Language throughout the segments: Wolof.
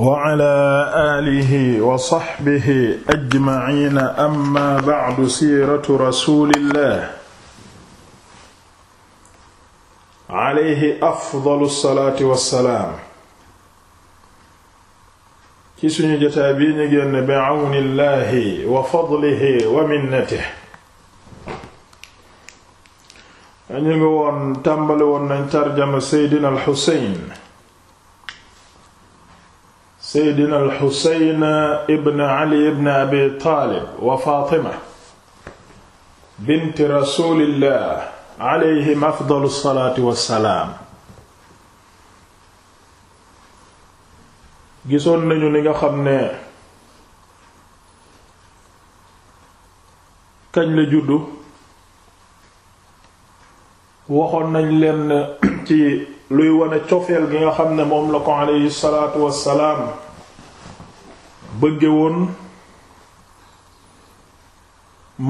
wa ala aalihi wa saxbihi ajmaciina amma bacdu siiratu rasuulillah alayhi afdalu salaam. ci suñu jotaay bii ñu génn bi cawni llahi wa fadlihi wa minnatihi. ñu ngi woon tàmbali woon nañ tarjama Seydina al Xuseyn seydina alxusayn ibn ali ibn abi taalib wa faatima bint rasulillah alayhim afdalu salaatu wassalaam gisoon nañu li nga xam ne kañ la juddu waxoon nañ leen ci luy wane cofeel gi nga xam ne moom la ko aleyhi salaatu wassalaam bëgge woon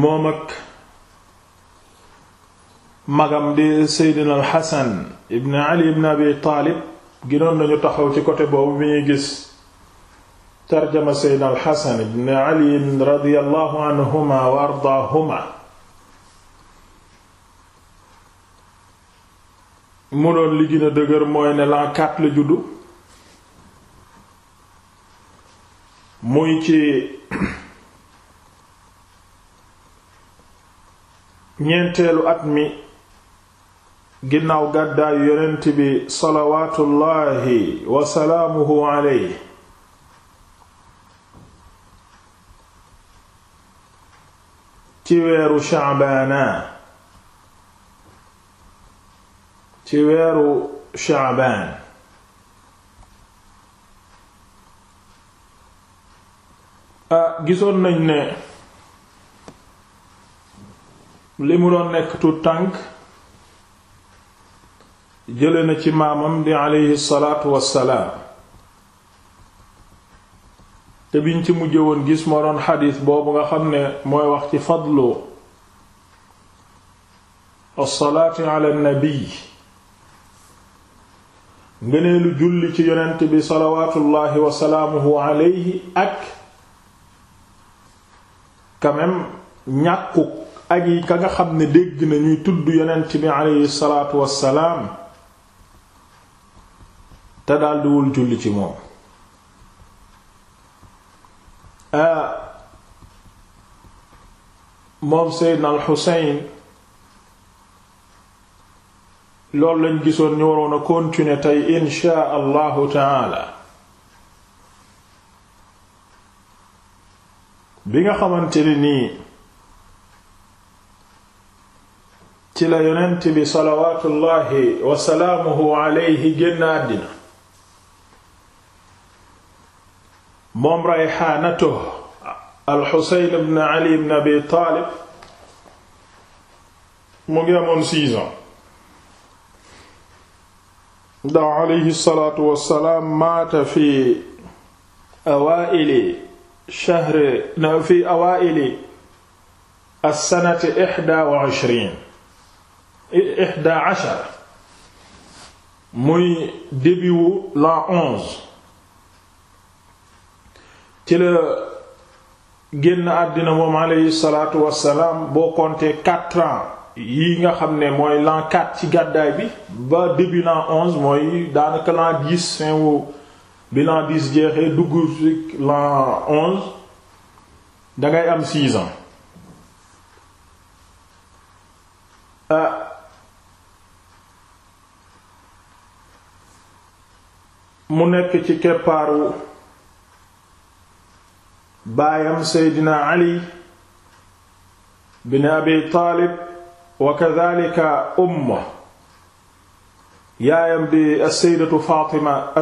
moom ak magam di seydina al xasan ibn ali ibn abi taalib ginoon nañu taxaw ci côté boobu bi gis tarjama seydina al xasan ibn ali radiyallahu anhuma wa ardaahuma mu doon li gën a dëgër mooy ne l'an quatre juddu muy ci ñeenteelu at mi ginnaaw gàddaayu yonent bi salawaatullaahi wa salaamuhu ci weeru sha'baana ci weeru Shaabaan ah, gisoon nañ ne li mu doon nekk tu tànk jële na ci maamam di aleyhi salaatu wassalaam te biñ ci mujj woon gis moo doon xadiis boobu nga xam ne mooy wax ci fadlu as-salaatu nabi ngëneelu julli ci yonent bi salawaatullaahi wa salaamuhu alayhi ak quand même ñàkku ak yi ka nga xam ni dégg nañuy ñuy tudd yonent bi alayhi salaatu wassalaam te daldiwul julli ci moom ah, moom Seydina al loolu lañ gisoon ñu waroon a continuer taala bi nga xamante ne nii ci la yonent bi salawaatullaahi wasalaamuhu alayhi génn àddina moom rayxaanato alxusayn ibn ali ibn abi taalib mu ngi amoon six ndax alayhi salaatu wassalaam maata fi awaa'ili shahri na fi awaa'ili as-sanati ihdaa muy début wu onze ci la génn àddina moom boo compter quatre yi nga xam ne mooy l'an ci gàddaay bi ba début l'an 11 mooy daanaka l'an 10 fin wu bi l'an 10 jeexee dugg ci l'an 11 dangay am 6 ans euh, mu nekk ci keppaaru baayam Seydina Ali bin Abi Taalib wa kadhalika di as-sayyidatu Fatima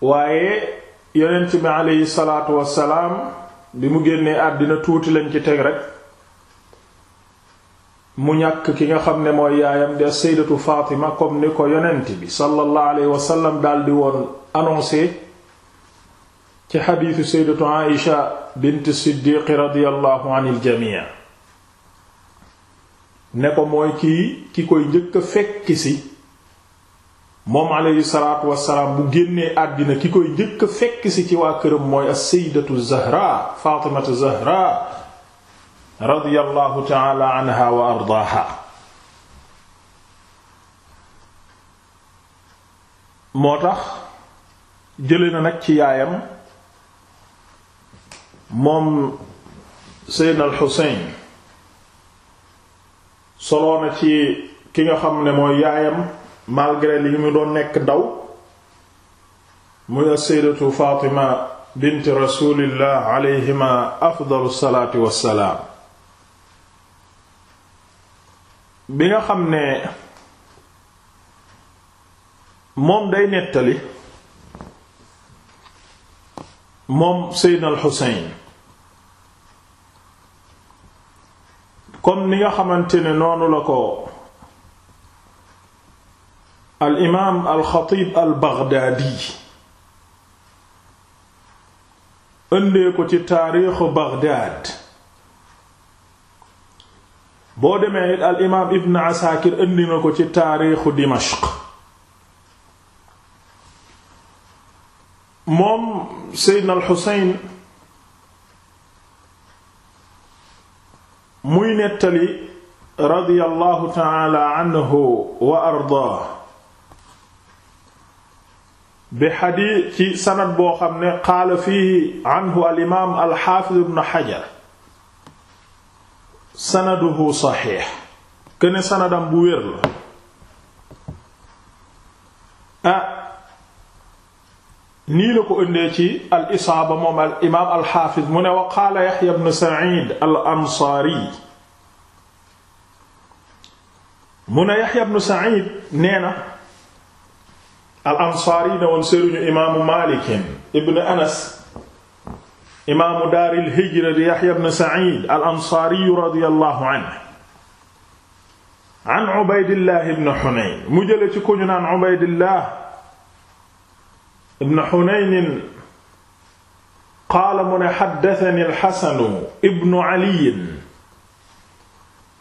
waaye yonent bi aleyhi salaatu bi mu génnee àddina lañ ci teg rek mu ñàkk ki nga xam ne mooy yaayam di saydatu Fatima comme ni ko yonent bi sallallahu alayhi wasallam daldi woon annoncé ci xadiisu saydatu aisha bint siddiq radiallahu an iljami ne ko mooy kii ki koy njëkk a si moom aleyhi salaatu wasalaam bu génnee àddina ki koy njëkk a si ci waa këram mooy as-sayyidatu zahra faatimatu radiallahu taala anha wa ardaaha moo tax jële na nag ci yaayam moom Seydina al-Xuseyn ci ki nga xam ne mooy yaayam malgré yi mu doon nekk daw muy as-Sayyidatu Fatima bint Rasulillah alayhima afdalu salaatu wassalaam bi nga xam ne moom day nettali moom Seydina al Xuseyn comme ni nga xamante ne noonu la ko al imaam al Xatiib al ko ci taarixu Bagdaad boo demee it al Ibn Asaakir indi na ko ci taarixu Dimashq moom Seydina al Xuseyn muy nettali radiyallahu taala anhu wa ardaa bi xadii ci sanad boo xam ne qaala fiihi anhu al imaam al xaafiz ibn Hajar sanaduhu saxiix këne sanadam bu wér la ah nii la ko ëndee ci al isaaba moom al imaam al xaafiz mu ne wa qaala yaxya ibn said al ansaari mu ne yaxya ibn said nee na al ansaari na woon sëriñu imaamu maalikin ibn anas imaamu daaril hijra di yaxya ibn said al ansaari radiyallahu anhu an ubaydillah ibn xunayn mu jële ci ku ñu naan ubaydillah ibn Hunaynin qaala mu ne xaddasani alxasanu ibnu caliyin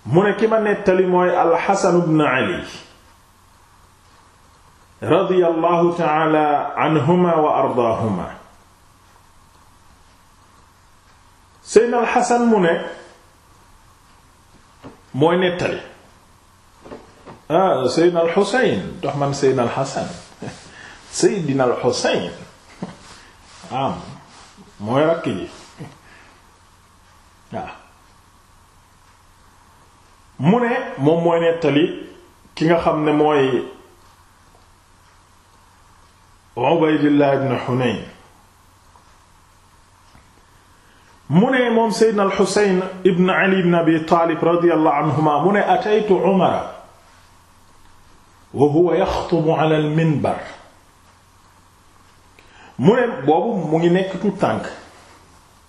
mu ne ki ma nettali mooy alxasanu bnu cali radiyallahu taala anhuma wa ardaahuma seydna alxasan mu ne mooy nettali ah seydna alxuseyn dox man seydna alxasan Seydina al Xuseyn am mooy rakk ji waaw mu ne moom mooy nettali ki nga xam ne mooy Ubaydillah ibn Hunayn mu ne moom Seydina al Xuseyn ibn Ali ibn Abi Taalib radiyallahu anhuma mu ne ataytu Umara wa huwa yaxtubu ala al minbar mu ne boobu mu ngi nekk tout tànk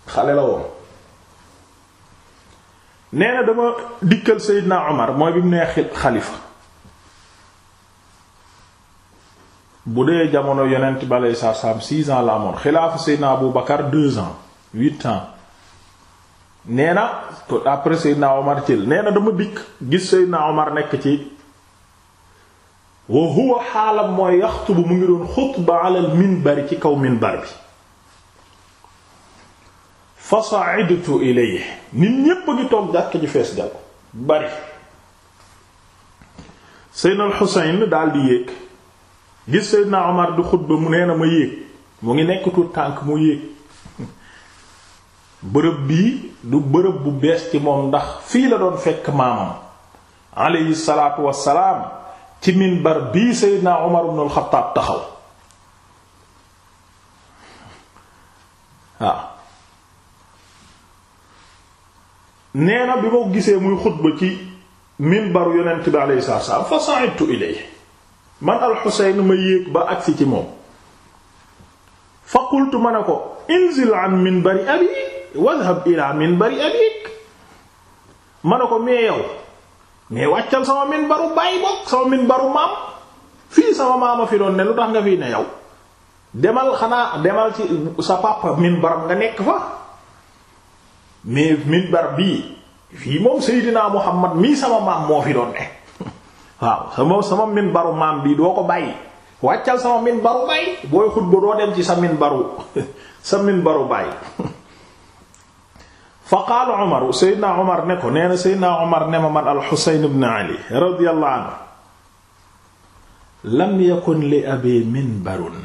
xale la woon nee na dama dikkal Seydina Omar mooy bi mu nee xalifa bu dee jamono yonent bi aleyhi salaatu salaam six ans la amoon xilaafa Seydina Abu Bakar deux ans huit ans nee na après Seydina Omar Thiel nee na dama dikk gis Seydina Omar nekk ci wa huwa xaalam mooy yaxtubu mu ngi doon xutba alal minbari ci kaw minbar bi fa sa'idtu ñépp a toog jàkk ji dal bari daldi yéeg gis seydna omar di xutba mu nee ma yéeg mu ngi nekk tuut tànk mu yéeg bërëb bii du bërëb bu bees ci moom ndax fii la doon fekk maamam aleyhi salaatu ci minbar bii Seydina Umar ibn al taxaw waaw nee na bi ma gisee muy xutba ci minbaru yonent bi alayhi salaatu salaam fa sa'idtu ilayhi man al-Husayn ci moom fa qultu ma ne ko inzil an minbari abi wadhhab ila minbari abik ma ne ko mais yow mais wàccal sama min baru bàyyi bokk sama min baru maam fii sama maama fi doon ne lu tax nga fii ne yow demal xanaa demal ci sa papa min baram nga nekk fa mais min bar bii fii moom Seydina Muhammad mii sama maam moo fi doon ne waaw sama sama min baru maam bii doo ko bàyyi wàccal sama min baru doo dem ci sa min baru sa min baru bàyyi fa qaala Omar Seydina Omar ne ko nee na Seydina Omar ne ma man al-Husayn ibn Ali radiyallahu anhu lam yakun li abi minbarun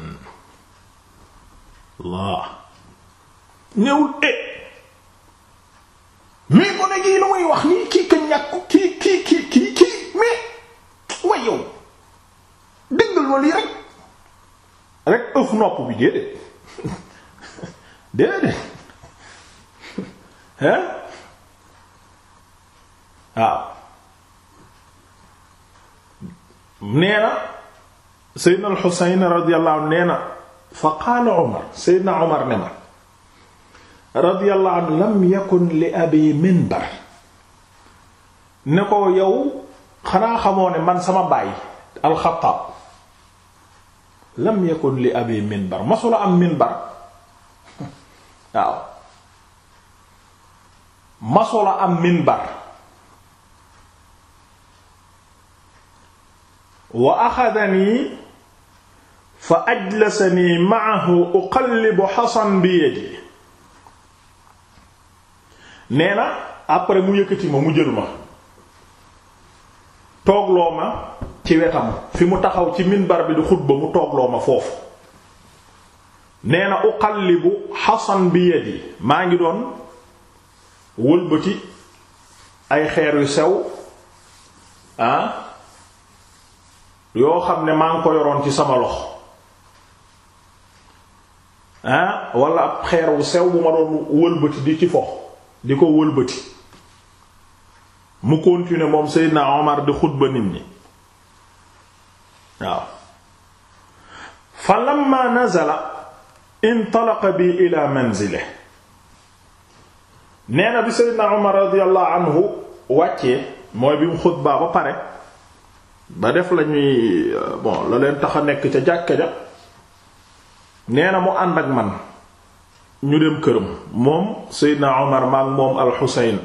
Allah ñëwul e eh. mais ko ne gii lu muy wax nii kii ka ñàkku kii kii kii kii kii mais way yow déggal ma lii rek rek ëf nopp bi déedéet déedéet hein waaw nee na seydna al xusayn radiyallahu anhu nee na fa qaala omar seydna omar ne ma radiyallahu anhu lam yakun li abi minbar ne ko yow xanaa xamoo ne man sama baay alxataab lam yakun li abi minbar masula am minbar waaw masula am minbar wa axadanii fa ajlasanii maahu uqallibu xasan bi yadi nee na après mu yëkkati ma mu jël ma toogloo ma ci wetam fi mu taxaw ci minbar bi di xutba mu toogloo ma foofu nee na uqallibu xasan bi yadi maa ngi doon wëlbati ay xeer yu sew ah yoo xam ne maa ngi ko yoroon ci sama lox ah wala ab xeer wu sew bu ma doon wëlbati di ci fox di ko wëlbati mu continuer moom Seydina Omar di xutba nit ñi waaw fa lamma nazala intalaqa bi ila manzilihi nee bi Seydina Umar radiyallahu anhu wàccee mooy bi mu xutbaa ba pare ba def lañuy euh, bon la leen tax a nekk ca jàkka ja nee na mu ànd ak man ñu dem këram moom Seydina Umar maak moom al-Husayn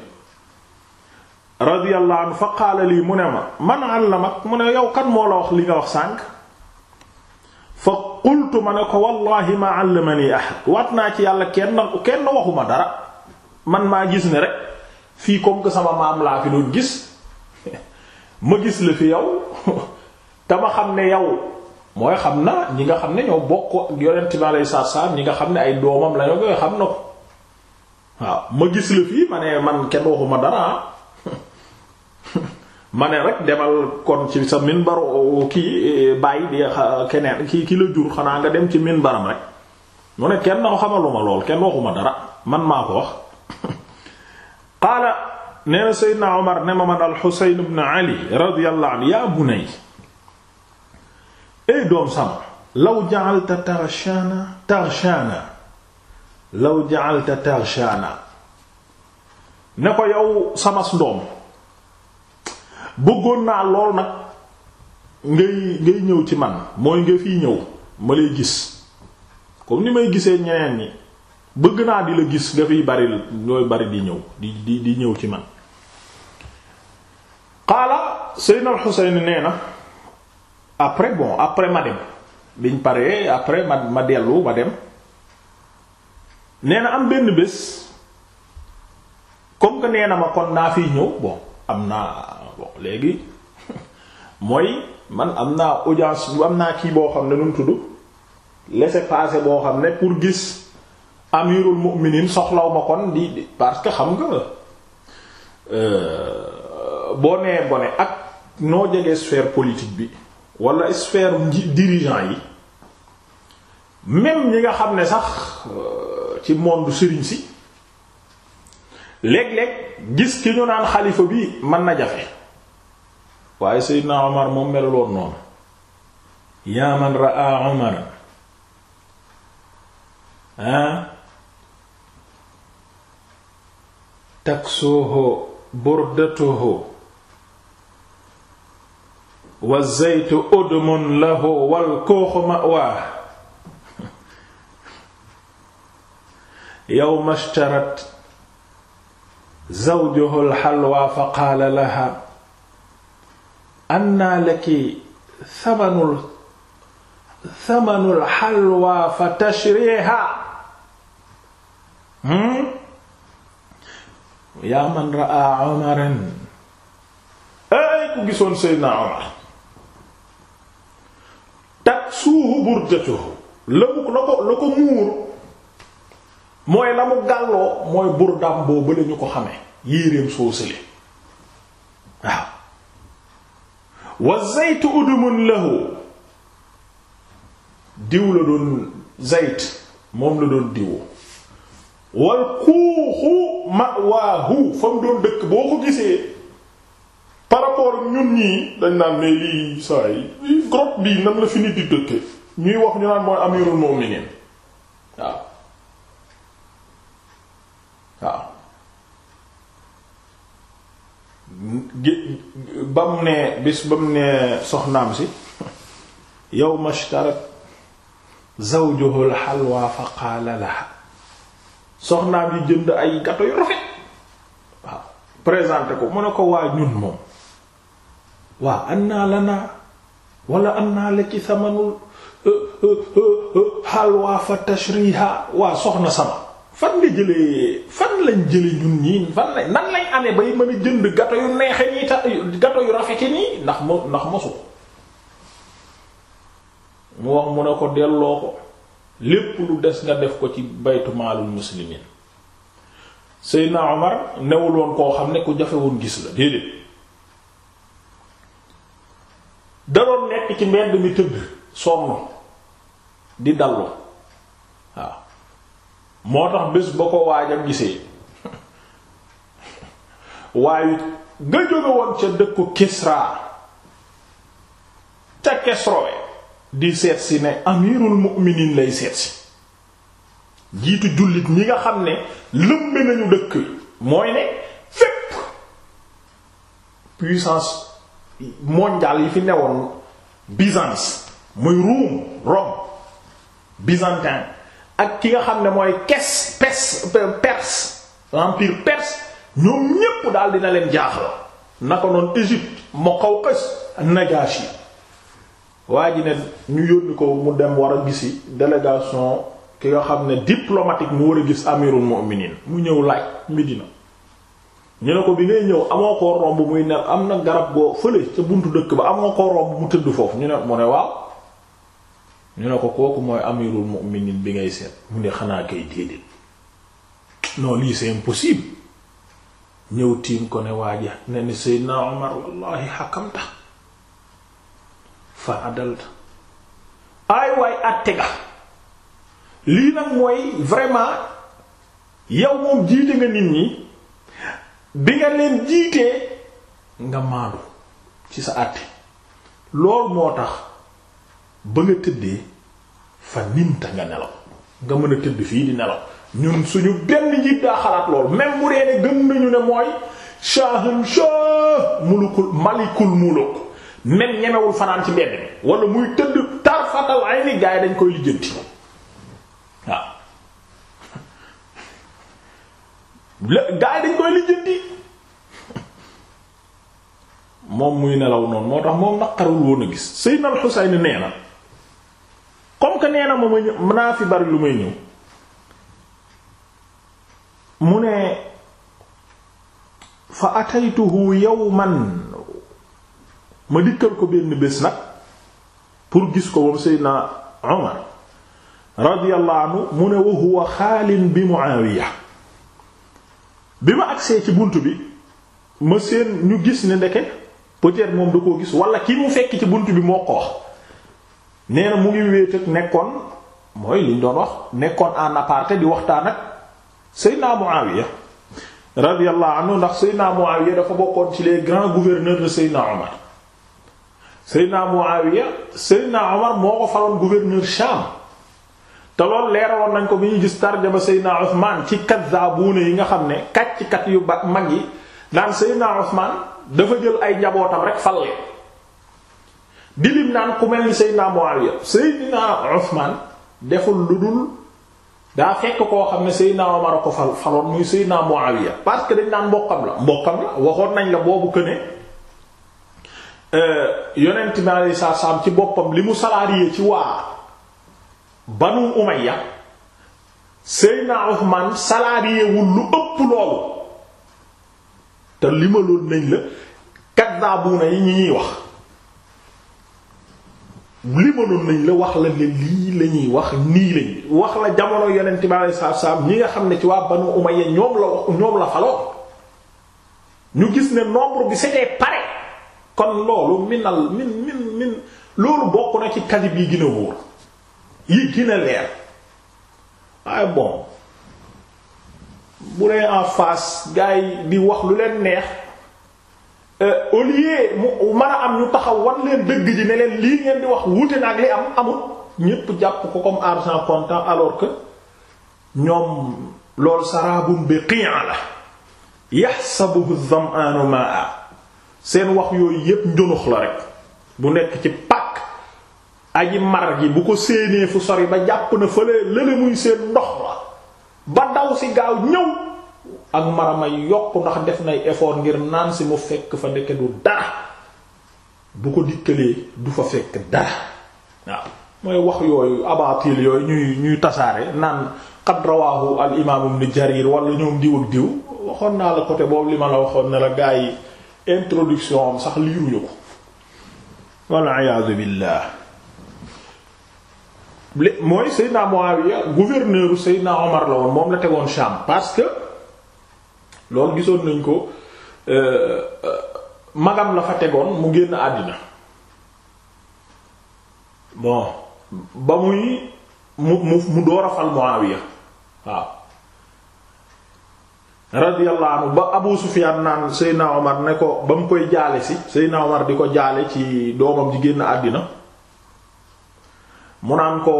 fa qaala lii mu ne ma man àllamak mu ne yow kan moo la wax li nga wax sànq fa qultu ma ne ko wallahi ma allamani ahad waat naa ci yàlla kenn kenn waxuma dara man maa gis ne rek fii comme que sama maam laa fi doon gis ma gis la fi yow te ma xam ne yow mooy xam na ñi nga xam ne ñoo bokk ak yonent bi alayhi salaatu salaam ñi nga xam ne ay doomam la ñoo koy xam na ko waaw ma gis la fii ma ne man kenn waxuma dara ma ne rek demal kon ci sa minbar kii bàyyi di keneen ki ki la jur xanaa nga dem ci min minbaram rek mu ne kenn na xamaluma lool kenn waxuma dara man maa ko wax qaala nee na Seydina Omar ne ma man al-Husayn ibn Ali radiyallahu anhu yaa bunay ey doom sama law ja'alta tarshaana tarshaana law ja'alta tarshaana ne ko yow samas ndoom bëggoon naa lool nag ngay ngay ñëw ci man mooy nga fiy ñëw ma lay gis comme ni may gisee ñeneen ñi bëgg naa di la gis dafay bari ñooy bari di ñëw di di ñëw ci man xaala Seydina al nee na après bon après ma dem biñ paree après ma ma dellu ma dem nee na am benn bés comme que nee na ma kon naa fiy ñëw bon am naa bon léegi mooy man am naa audience bu am naa kii boo xam ne nu mu tudd laissez-passer boo xam ne pour gis amirul mu'minin soxlaw ma kon di parce que xam nga euh, boo nee bone ak noo jege sphère politique bi wala sphère dirigeant yi même ñi nga xam ne sax euh, ci monde sëriñ si léeg-léeg gis ki ñu naan xalifa bi mën na jafe waaye Seydina Omar moom meluloon noonu yaa man raa Omar ah taksuuhu burdatuhu wa zeytu udmun lahu wal kuuxu ma'waa yawma ishtarat zawjuhu alxalwa fa qaala laha annaa laki thamanul thamanul xalwa fa tashriiha hmm yaa man raa omaran ay ku gisoon Seydina Omar tak suuhu burdatuhu la mu la ko la ko muur mooy la mu gàlloo mooy burdam boobu la ñu ko xamee yéreem soo sële waaw wa zaytu udumun lahu diw la doon zayt moom la doon diw wal xuuxu mawaahu fa mu doon dëkk boo ko gisee par rapport ñun ñii dañ naan mais lii saa yi grotte bii nan la fi nit di dëkke ñuy wax ñu naan mooy amirul mu'minin waaw waaw ba mu ne bis ba mu ne soxnaam si yow ishtarat zawjuhu al halwa fa qaala laha soxnaam yi jënd ay gato yu rafet waaw présenté ko mu ne ko waa ñun moom waa am naa la naa walla am naa la ci samanul euh, euh, euh, halwa fa tashriha waa soxna sama fan nga jëlee fan lañ jële ñun ñii fan lañ nan lañ amee bay ma a jënd gato yu neexe nii ta gato yu rafete nii ndax mo ndax mosu mu wax mu ne ko delloo ko lépp lu des nga def ko ci baytu maalul muslimin Seydina Omar newul koo xam ne ku jafewoon gis la déedéet daroon nekk ci mbedd mi tëdd sonn di dallu waaw moo tax bés ba ko waajam gisee waaye nga jóge woon ca dëkku Kisra ca Kesrowe di seet si ne amirul mu'minin lay seet jiitu jullit ñi nga xam ne lëmbe nañu dëkk mooy ne fépp puissance mondiale yi fi newoon Byzance muy Rome Rome byzantin ak ki nga xam ne mooy kes pes perse empire perse ñoom ñépp di na leen jaaxal naka noonu Égypte Muqawqis Najashi waa ji ne ñu yónni ko mu dem war a gisi délégation ki nga xam ne diplomatique mu war a gis amirul mu'minin mu ñëw laaj Medina ñu ne ko bi ngay ñëw amoo ko romb muy ne am na garab goo fële ca buntu dëkk ba amoo ko romb mu tëdd foofu ñu ne mu ne waaw ñu ne ko kooku mooy amirul mu'minin bi ngay seet mu ne xanaa kay déedéet non lii c'est impossible ñëw tiim ko ne waaja ne ni Seydina Omar wallahi xakamta fa adalt aay waay àtte ga lii nag mooy vraiment yow moom jiite nga nit ñi bi nga leen jiitee nga maandu ci sa àtte loolu moo tax ba nga tëddee fa ninta nga nelaw nga mën a tëdd fii di nelaw ñun suñu benn njiit daa xalaat loolu même mu dee ne nañu ne mooy shaham shah mulukul malikul muluk même ñemewul fanaan ci mbedd mi wala muy tëdd tar fatal ay ni gaay dañ koy lijjanti waaw gaay dañ koy lijjanti moom muy nelaw noonu moo tax moom naqarul woon a gis Seydina Al-Husayn nee na comme que nee ma ma ñëw mën naa fi bari lu may ñëw mu ne fa yow yawman ma dikkal ko benn bés nag pour gis ko moom seydna Umar radiyallahu anhu mu ne wa huwa xaalin bi Muawiya bi ma agsee ci bunt bi ma seen ñu gis ne ndeke peut moom da koo gis wala ki mu fekk ci bunt bi moo ko wax nee na mu ngi wéet ak nekkoon mooy liñ doon wax nekkoon en aparté di waxtaan ak seydna Muawiya radiyallahu anhu ndax seydna Muawiya dafa bokkoon ci les grands gouverneurs de seydna Umar Seydina Muawiya Seydina Omar moo ko faloon gouverneur Sham te loolu leerawoon nañ ko bi ñu gis tarjama Seydina Ousmane ci kazzaabuuna yi nga xam ne kàccikat yu ba mag yi daan dafa jël ay njabootam rek fal leen naan ku mel ni Seydina Muawiya Seydina Ousmane deful ne Seydina Omar a ko fal faloon parce que dañ naan mbokkam la mbokkam la waxoon nañ la boobu que Euh, yonent bi alayhi salaam ci boppam li mu salarié ci waa banu umayya seyna Uthman salarié wul lu ëpp loolu te li ma loon nañ la kaddaabuna yi ñi ñuy wax li ma loon nañ la wax la lii la wax nii lañ wax la jamono yonent bi yi salaam ñi nga xam ne ci waa banu umayya ñoom la ñoom la faloon ñu gis ne nombre bi c'était pareil kon loolu minal min min min loolu bokk na ci kadib yi gën a wóor yi gën a leer waaye bon bu dee en face gars yi di wax lu leen neex euh, au lieu mu mën a am ñu taxaw wan leen dëgg ji ne leen lii ngeen di wax wuute na ak li am amul ñépp jàpp ko comme argent comptant alors que ñoom loolu saraabun bi qi'a la yahsabuhu dham'anu ma'a seen wax yooyu yépp njunux la rek bu nekk ci pàkk aji mar gi bu ko séenee fu sori ba jàpp na fële lële muy seen ndox la ba daw si gaaw ñëw ak maramay yokk ndax def nay effort ngir naan si mu fekk fa ndeke du dara bu ko dikkalee du fa fekk dara waaw mooy wax yooyu abatil yooyu ñuy ñuy tasaare naan qad rawahu al imam ibn jarir wala ñoom diw ak diw waxoon naa la côté boobu li ma la waxoon ne la gaa yi introduction am sax liiruñu ko walla iyaadu billaah mooy Seydina Muawiya gouverneur u Seydina Omar la woon moom la tegoon Sham parce que loolu gisoon nañ ko euh, euh, magam la fa tegoon mu génn àddina bon ba muy mu mu mu door a fal Muawiya waaw radiyallahu anhu ba Abu Sufyan naan Seydina Omar ne ko ba mu koy jaale si Seydina Omar di ko jaale ci doomam ji génn àddina mu naan ko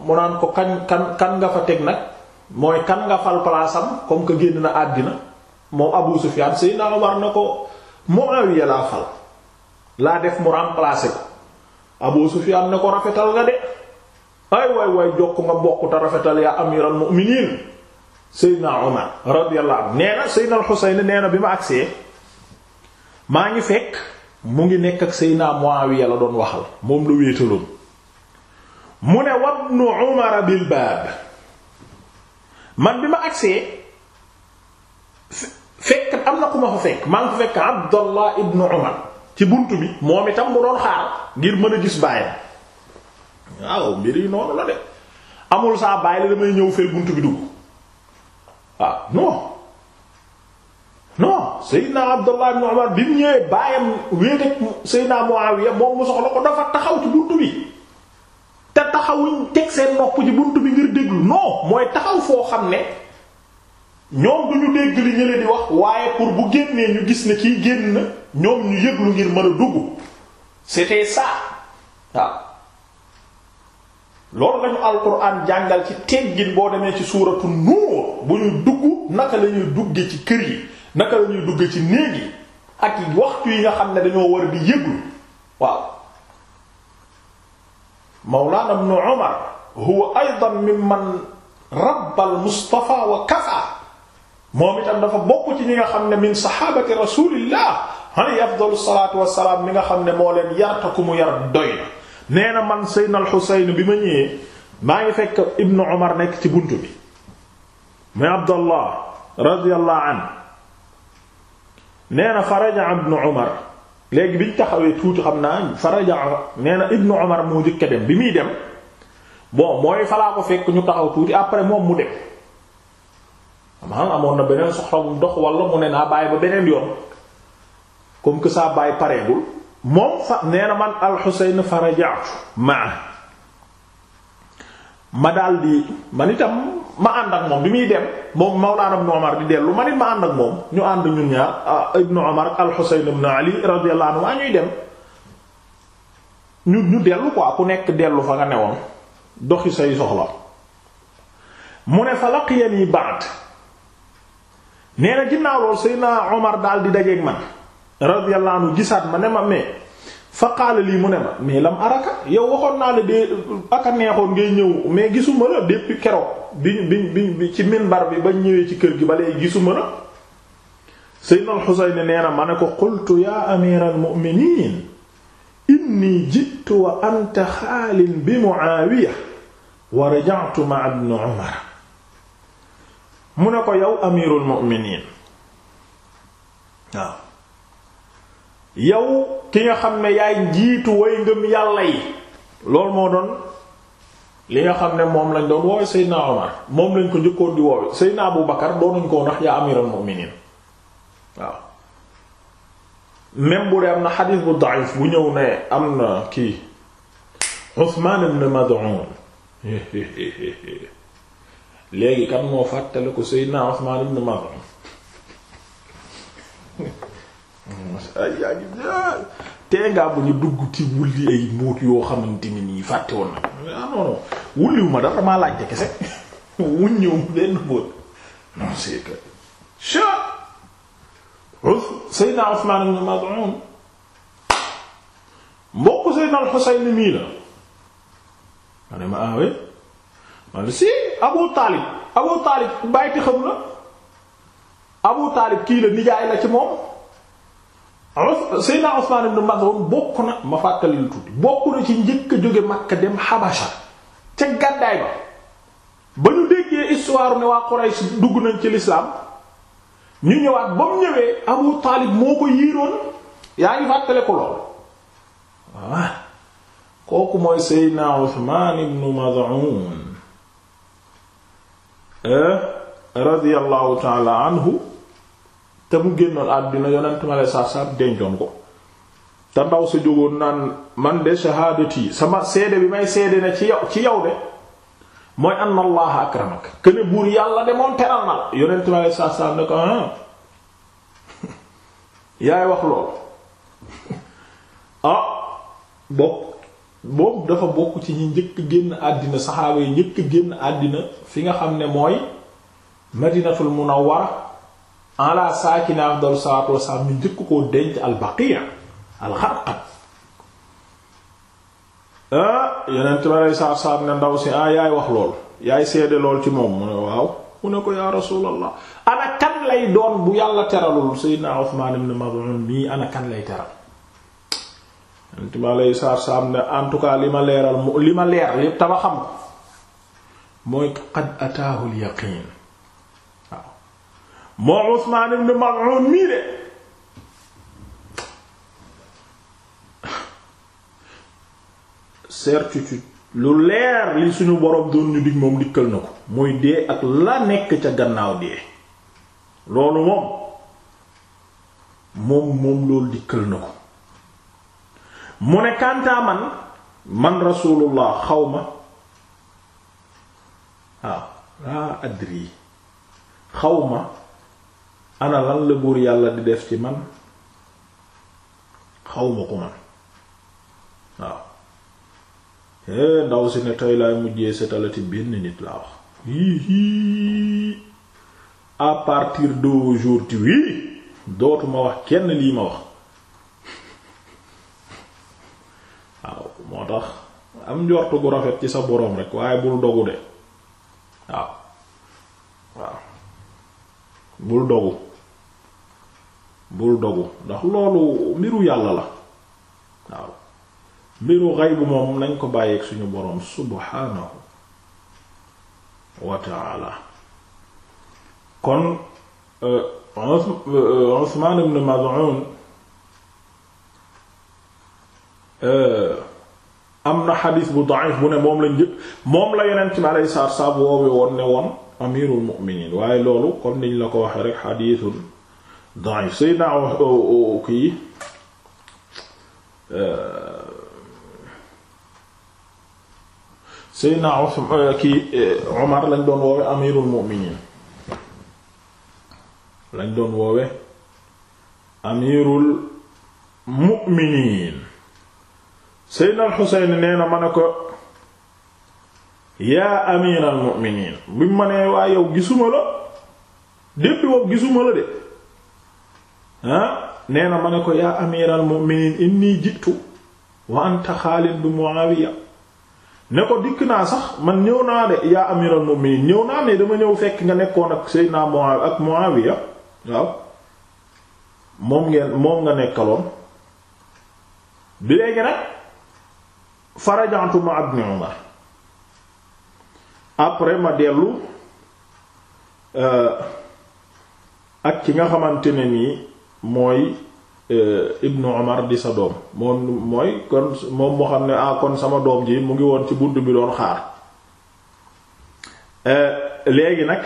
mu naan ko kan kan kan nga fa teg nag mooy kan nga fal palaasam comme que génn na àddina moom Abu Sufyan Seydina Omar ne ko Muawiya laa fal laa def mu remplacer ko Abu Sufyan ne ko rafetal nga de ay waay waay jokk nga bokk te rafetal yaa amiral mu'minin Seydina Omar radiyallahu anhu nee na Seydina al-Husayn nee na bi ma agsee maa ngi fekk mu ngi nekk ak Seydina Muawiya la doon waxal moom la wéetaloon mu ne wabnu Umar bil baab man bi ma agsee fekk am na ku ma fa fekk maa ngi fa fekk Abdallah ibn Umar ci bunt bi moom itam mu doon xaar ngir mën a gis baayam waaw mbir yi noonu la de amul saa baay la damay ñëw fee buntu bi dugg ah non non Seydina Abdullah ibn Umar bi mu ñëwee baayam wéeteeg Seydina Muawiya moom mu soxla ko dafa taxaw ci buntu bi te taxawuñ teg seen nopp ci bunt bi ngir déglu non mooy taxaw foo xam ne ñoom du ñu dégg li ñu di wax waaye pour bu génnee ñu gis ne kii génn na ñoom ñu yëglu ngir mën a dugg c'était ça waaw ah. loolu lañu alquran jàngal ci teggin boo demee ci suuratu Nuur bu ñu dugg naka la dugg ci kër yi naka la ñuy dugge ci néeg yi ak waxtu yi nga xam ne dañoo war di yëglu waaw mawlana ibn umar huwa aydan mimman rabbal mustafa wa kafa moom itam dafa bokk ci ñi nga xam ne min sahabati rasulillah alayhi afdalu salatu wasalaam mi nga xam ne moo leen yarta ku mu yar doy na nee na man seydna al bi ma ñëwee maa ngi fekk ibnu umar nekk ci bunt bi muy Abdallah radiyallahu anhu nee na faraja ibnu Umar léegi biñ taxawee tuuti xam naa faraja nee na ibnu Umar moo njëkk dem bi muy dem bon mooy falaa ko fekk ñu taxaw tuuti après moom mu dem maanaam amoon na beneen soxla bu dox wala mu ne naa bàyyi ba beneen yoon comme que saa bàyyi pareegul moom fa nee na man al-Husayn farajaatu ma ma daldi man itam ma ànd ak moom bi muy dem moom Mawlaana Ibn Umar di dellu man it ma ànd ak moom ñu ànd ñun ñaar Ibn Umar ak al-Husayn Ali radiyallahu anhu ñuy dem ñu ñu dellu quoi ku nekk dellu fa nga newoon doxi say soxla mu ne fa laqiyani ba'd nee na ginnaaw lool Seydina Omar daal di dajeeg man radiyallahu gisaat ma ne ma mais fa lii mu ne ma mais lam araka yow waxoon naa la de aka neexoon ngay ñëw mais gisuma la depuis keroog. biñ bi bi ci minbar bi ba ñëwee ci kër gi ba léegi gisuma la Seydina al nee na ma ne ko qultu ya amira al-mu'minin inni jitu wa anta xaalin bi Muawiya wa raja'tu ma'a ibn Umar mu ne ko yow amirul mu'minin waaw yow ki nga xam ne yaay njiitu way ngëm yàlla yi loolu moo doon li nga xam ne moom lañ doon woowe Seydina Omar moom lañ ko njëkkoon di woowe Seydina Abu Bakar doonuñ ko ndax yaa amiral mu'minin waaw même bu dee am na xadiis bu da'if bu ñëw ne am na kii Usmaan ibn Mad'un léegi kan moo fàttale ko Seydina Usmaan ibn Mad'un ay yaa ngi tee ngaa ba ñu dugg ci wulli ay mbóot yoo xamante ni nii fàtte woon na ah non non wulliwu ma dara damaa laajte kese wuñ ñëw benn mbóot non ah, Abu Taalib Abu Taalib bàyyi xam la Abu Taalib kii la nijaay la ci moom Seydina Usmaan ibn Maz'un bokk na ma fàttalil tuuti bokk na ci njëkk a jóge Makka dem Habasha ca gàddaay ba ba ñu déggee histoire ne waa Quraysh dugg nañ ci lislaam ñu ñëwaat ba mu ñëwee Abu Taalib moo ko yiiroon yaa ngi fàttale ko lool ah, kooku mooy Seydina Usmaan ibn Maz'un eh, radiyallahu ta'ala anhu te mu génnoon àddina yonent ma lay saab dencoon ko te ndaw sa jógoon naan man de shahaadati sama seede bi may seede ne ci yow ci yow de mooy anna allah akramak këne buur yàlla de moom teral na yonent ma lay saab ne ko ah, yaay wax loolu ah bokk boobu dafa bokk ci ñi njëkk génn àddina saxaaba yi njëkk génn àddina fi nga xam ne mooy madinatul munawwara ala saakina afdal salaatu wasalaam ñu njëkk koo denc al baqiya al xarqat ah yeneen ma lay saar saar ne ndaw si ah yaay wax lool yaay seede lool ci moom mu ne waaw mu ne ko yaa rasuulallah ana lay doon bu yàlla teralul sayyidina Usmaan ibn Maz'un mii ana lay teral yeneen ma lay saar saar ne en tout cas li ma leeral li ma leer yépp taba xam mooy qad ataahu al moo Usmaan ibn Maz'un mii de certitude lu leer li suñu boroom doon ñu dig moom dikkal na ko muy dee ak la nekk ca gannaaw dee loolu moom moom moom loolu dikkal na ko mu ne kantaa man man rasulullah xawma waaw ah, laa adri xawma ana lan la buur yàlla di def ci man xawma ko man waaw hee eh, ndaw si ne tey laay mujjee setalati benn nit laa wax hii hii à partir d'aujourd'hui dootuma wax kenn lii ma wax waaw moo tax am njortu bu rafet ci sa boroom rek waaye bul dogu de waaw waaw bul dogu bul dogu ndax loolu mbiru yàlla la waaw mbiru xaybu moom nañ ko bàyyeeg suñu boroom subhaanahu wa kon euh, euh, Usmaan euh, am na xadiis bu da'if bu ne moom lañ jëkk moom la yonent bi alayhi salaatu wa salaam woowe woon ne woon amirul mu'miniin waaye loolu comme niñ la ko waxee rek xadiisun daif Seydina kii e, Seydina e, kii e, Omar lañ doon woowe amirul mu'minin lañ doon woowe amirul mu'minin Seydina al-Husayn nee na ko yaa amiral mu'minin bi ma nee yow gisuma la depuis boobu gisuma la de nee na ma ne ko yaa amiral mu'minin inni jiitu wa anta Xaalid bu Muawiya ne ko dikk naa sax man ñëw naa de yaa amiral mu'minin ñëw naa ne dama ñëw fekk nga nekkoon ak Seydina Muawiya ak Muawiya waaw moom ngeen moom nga nekkaloon bi léegi nag farajantu ma Ibn Umar après ma dellu euh, ak ki nga xamante ne nii mooy euh, ibnu omar di sa doom moom mooy kon moom moo xam ne ah kon sama doom ji mu ngi woon ci bunt bi doon xaar euh, léegi nag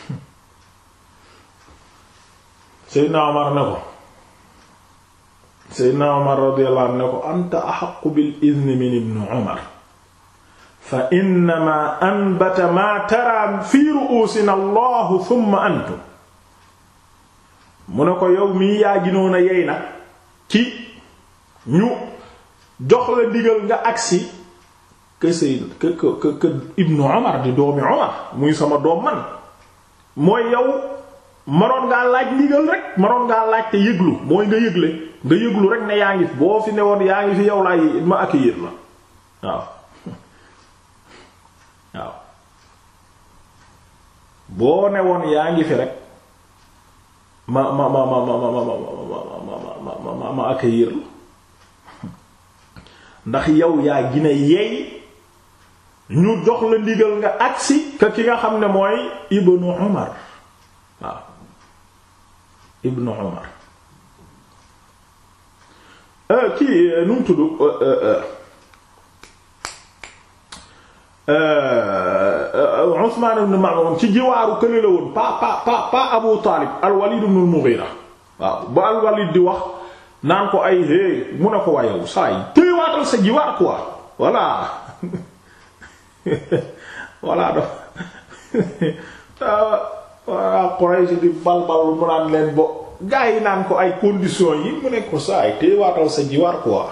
seydna omar na ko seydna omar radiyallahu anhu ne ko anta axaqu bil izni min ibnu omar fa innama anbata maa tara fi ru'uusina allahu thumma antum mu ne ko yow mii yaa ginoon a yey nag ci ñu jox la ndigal nga agsi que Seydou que que Ibnu Omar di doomi Omar muy sama doom man mooy yow maroon ngaa laaj ndigal rek maroon ngaa laaj te yëglu mooy nga yëgle nga yëglu rek ne yaa ngi fi boo fi newoon yaa ngi fi yow laay ma accueillir la waaw. waaw boo ne woon yaa ngi fi rek ma ma ma ma ma ma ma ma ma ma accueillir la ndax yow yaa gina yeey ñu jox la ndigal nga agsi ka ki nga xam ne mooy ibnu Umar ibnu Umar kii nu mu tudd Euh, euh, Usmaan ibn Maz'un ci jiwaaru kële la woon pa pa pa pa Abu Taalib al-Walid ibn al-Mughira waaw ba al-Walid di wax naan ko ay hé mu ne ko wayow saa yi téewaatal sa jiwaar quoi voilà voilà dafa ah, Quraysh di balbal mu naan leen bo gaa yi naan ko ay condition yi mu ne ko saa yi téewaatal sa jiwaar quoi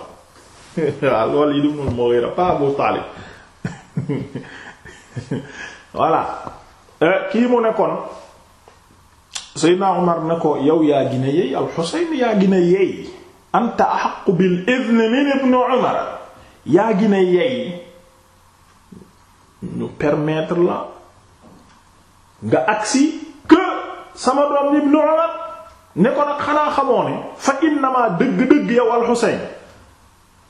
waaw loolu yi du mun moo wéra pa Abu Taalib voilà euh, kii mu nekkoon kon Seydina Umar ne ko yow yaa gina yeey al-Husayn yaa gina yeey anta ahaqqu bil idn min ibn Umar yaa gina yeey ñu permettre la nga agsi que sama doom ibn Umar ne ko nag xanaa xamoo ne fa innamaa dëgg-dëgg yow al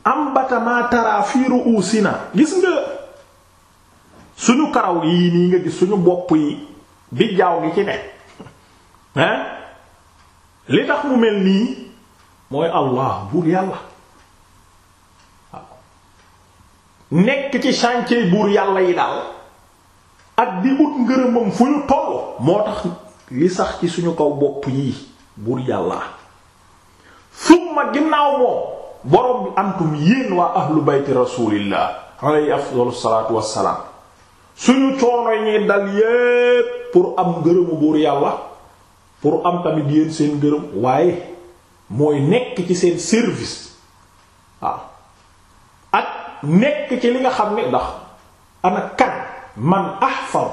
ambata maa taraa fi ru'usina gis nga suñu karaw yii nii nga gis suñu bopp yi bi jaaw gi ci ne hein li tax mu mel nii mooy allah buur yàlla waaw nekk ci chantier buur yàlla yi daal ak di ut ngërëmam fu ñu tollu moo tax li sax ci suñu kaw bopp yii buur yàlla summa ginnaaw moom borom bi antum yéen waa ahlu bayti rasulillah alayhi afdalu salaatu wassalaam suñu coono ñi dal yépp pour am ngërëmu buur yàlla pour am tamit yéen seen ngërëm waaye mooy nekk ci seen service ak nekk ci li nga xam ne ndax ana kan man ahfar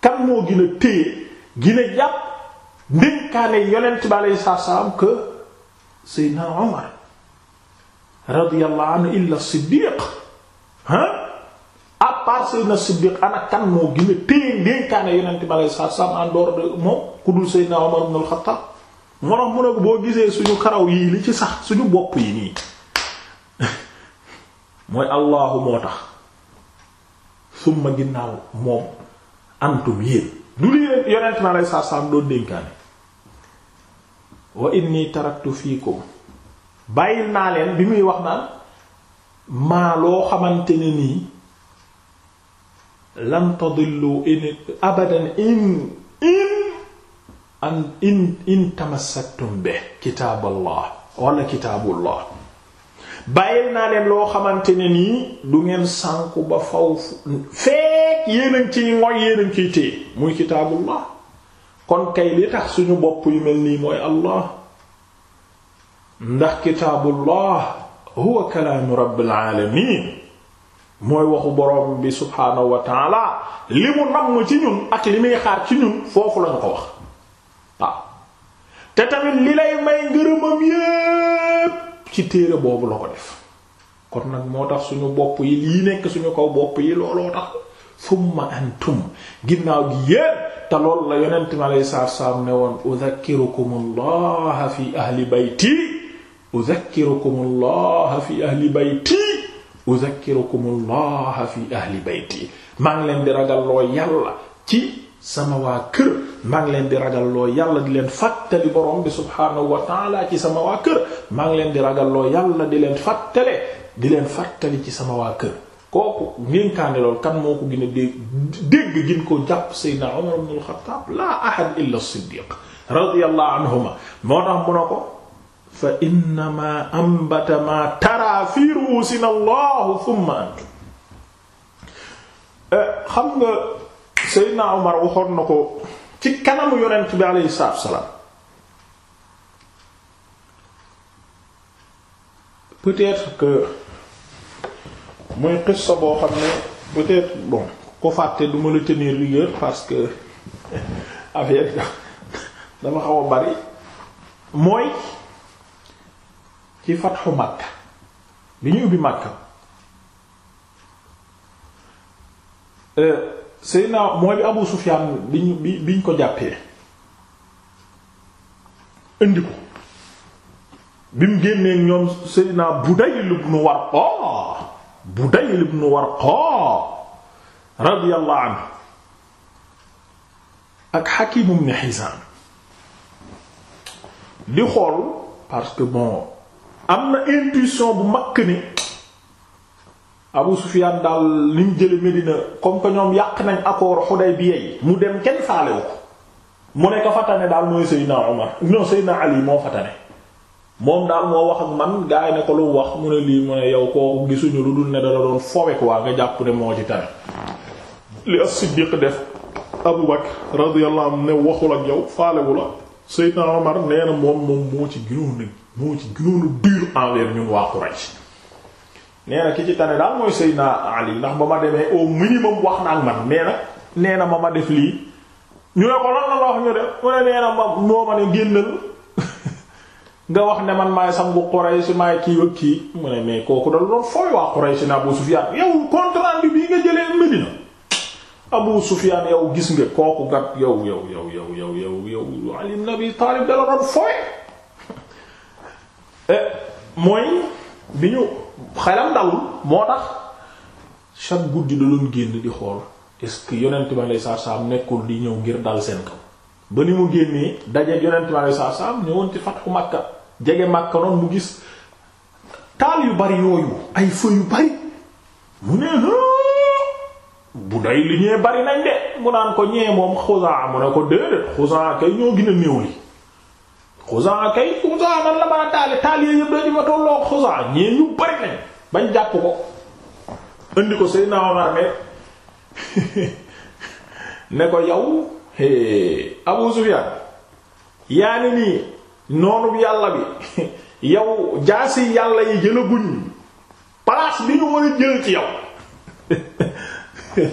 kan moo gën a téye jàpp ndénkaane yonent bi aleyhi salaatu salaam que Seydina Omar radiyallahu anhu illa Siddiq ah part Seydina Siddiq ana moo gën a téye dénkaane yonent bi alayhi salaatu salaam en de moom ku dul Seydina Omar ibn al-Khattab moo tax mu ne boo gisee suñu karaw yii li ci sax suñu bopp yi nii mooy Allahu moo tax summa ginnaaw moom antum yéen du lii rek yonent bi alayhi salaatu salaam doon dénkaane wa inni taraktu bàyyil naa leen bi muy wax naan maa loo xamante ne nii lan tadillu in abadan in in an in in tamassaktum be kitaaballah wala kitaabullah naa leen loo xamante ne nii du ngeen sànku ba faw feek yéenañ ciy mooy yéenañ ciy téye muy kon kay li tax suñu bopp yu mel nii mooy allah ndax kitaabullah huwa kalaamu rabbil alamin mooy waxu borom bi subhaanahu wa taala li mu namm ci ñun ak li muy xaar ci ñun foofu lañu ko wax te tamit li lay may ngërëmam yépp ci téere boobu la ko def kon nag moo tax suñu bopp yi lii nekk suñu kaw bopp yi looloo tax summa antum ginnaaw gi yéen te loolu la yonent mi alayhi salaatu salaam ne woon udhakkirukumullah fi ahli bayti udhakkirukumullah fi ahli bayti uzakkirukum allah fi ahli bayti maa ngi leen di ragal loo ci sama waa kër maa ngi leen di ragalloo loo yàlla di leen fàttali borom bi subhaanahu wa taala ci sama waa kër maa ngi leen di ragal loo yàlla di leen fàttale di leen fattali ci sama waa kër kooku ngénkaane lool kan moo ko gën a dégg dégg gin ko jàpp sayyidina Umar ibn al-Khattab la ahad illa as radiyallahu anhuma moo tax mu na ko fa innama ambata ma tara fi ruusina allahu thumma antum eh, xam nga Seydina Omar waxoon na ko ci kanamu yonent bi alayhi salaatu wassalaam peut-être que muy xissa boo xam ne peut bon ko fàtte duma la tenir rigueur parce que affaire dama xaw bari mooy ci fatxu Makka bi ñu ubbi Makka euh, Seydina mooy Abu Sufyaan bi ñu bi biñ ko jàppee indi ko bi mu génnee ñoom Seydina Budayl ibn Warqa Budayl ibn Warqa radiyallahu anhu ak Hakim ibn Hizam di xool parce que bon am na intuition bu makk ni Abu Sufyaan daal liñ jële Medina comme que ñoom yàq nañ accord Hudaybiya yi mu dem kenn faale wu ko mu ne ko fa tane daal mooy Seydina Omar non Seydina Ali moo fa tane moom moo ko gisuñu lu dul ne dala moo ci tane li yow faalewu la moo ci gënoon a dur envers ñun waa Quraysh nee na ki ci tane daal mooy Seydina Ali ndax ba ma demee au minimum wax na ak man nee na nee na ma ma def lii ñu ne ko lan la la wax ñu def mu ne nee ma moo ma ne génnal nga wax ne man maay sangu Quraysh maay kii ak kii mu ne mais kooku da doon fooy waa Quraysh ne Abu Sufyan yow contrat bi bii nga jëlee Medina Abu Sufyan yow gis nga kooku gat yow yow yow yow yow yow yow Ali ibn doon fooy. Eh, mooy bi ñu xelam ndawul moo tax chaque guddi da génn di xool est-ce que yonent bi alayhi salaatu salaam nekkul di ñëw ngir dal seen kaw ba ni mu génnee daje yonent bi alayhi salaatu salaam ñëwoon ci fatxu Makka jege Makka noonu mu gis taal yu bari yooyu ay feu yu bari mu ne bu day li ñee bari nañ de mu naan ko ñee moom Xuzaa mu ne ko déedéet Xuzaa kay ñoo gën a néew li Xuzaa kay Xuzaa nan la mën a taale taal yooyu yëpp dañu ma tolloo Xuzaa ñee ñu bari nañ bañ jàpp ko. indi ko Seydina Omar ne ne ko yow Abu Sufyaan yaa ni nii noonu bi yàlla bi yow jaasi yàlla yi jëlaguñ place bi ñu war a jël ci yow.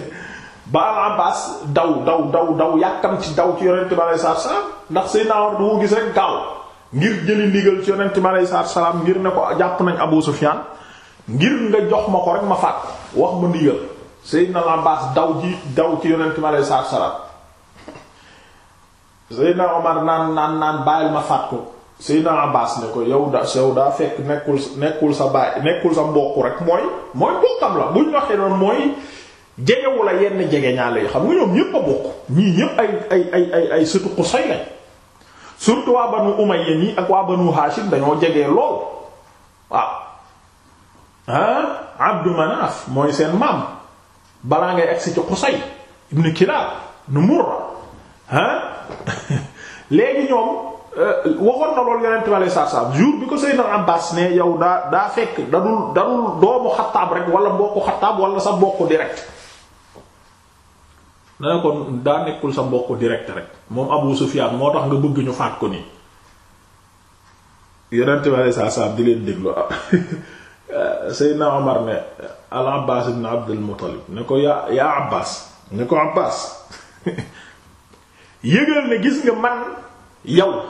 Baal Abbaas daw daw daw daw yàkkam ci daw ci Yonent bi sallallahu alayhi ndax Seydina Umar du gis rek gaaw ngir jëli ndigal ci yonent mi sa salaatu salaam ngir ne ko jàpp nañ Abu Sufyaan ngir nga jox ma ko rek ma faat wax ma ndigal Seydina Abbaas daw ji daw ci yonent mi aleyhi salaatu salaam Seydina Umar naan naan naan bàyyil ma faat ko Seydina Abbaas ne ko yow da yow daa fekk nekkul nekkul sa baay nekkul sa mbokk rek mooy mooy bokkam la buñ waxee noonu mooy. jegewu la yenn jege ñaale yi xam nga ñoom ñépp a bokk ñii ñépp ay ay ay ay ay sëtu Qusay lañ surtout waa Banu Umayya nii ak waa Banu Hashim dañoo jege lool waaw ah Abdu Manaf mooy seen maam balaa ngay agsi ci Qusay ibn Kilaab nu Murra ah léegi ñoom euh, waxoon na loolu yonent bi aleyhi salaatu jour bi ko Seydina Abbas ne yow daa daa fekk dadul dadul doomu Xattaab rek wala mbokku Xattaab wala sa mbokku direct na kon daa nekkul sa mbokk direct rek moom Abu Sufyaan moo tax nga bëgg ñu faat ko nii yonent bi saa saa di leen déglu ah, Seydina Omar ne al Abbaas ibn Abdul Muttalib ne ko yaa yaa Abbaas ne ko Abbaas yëgal ne gis nga man yow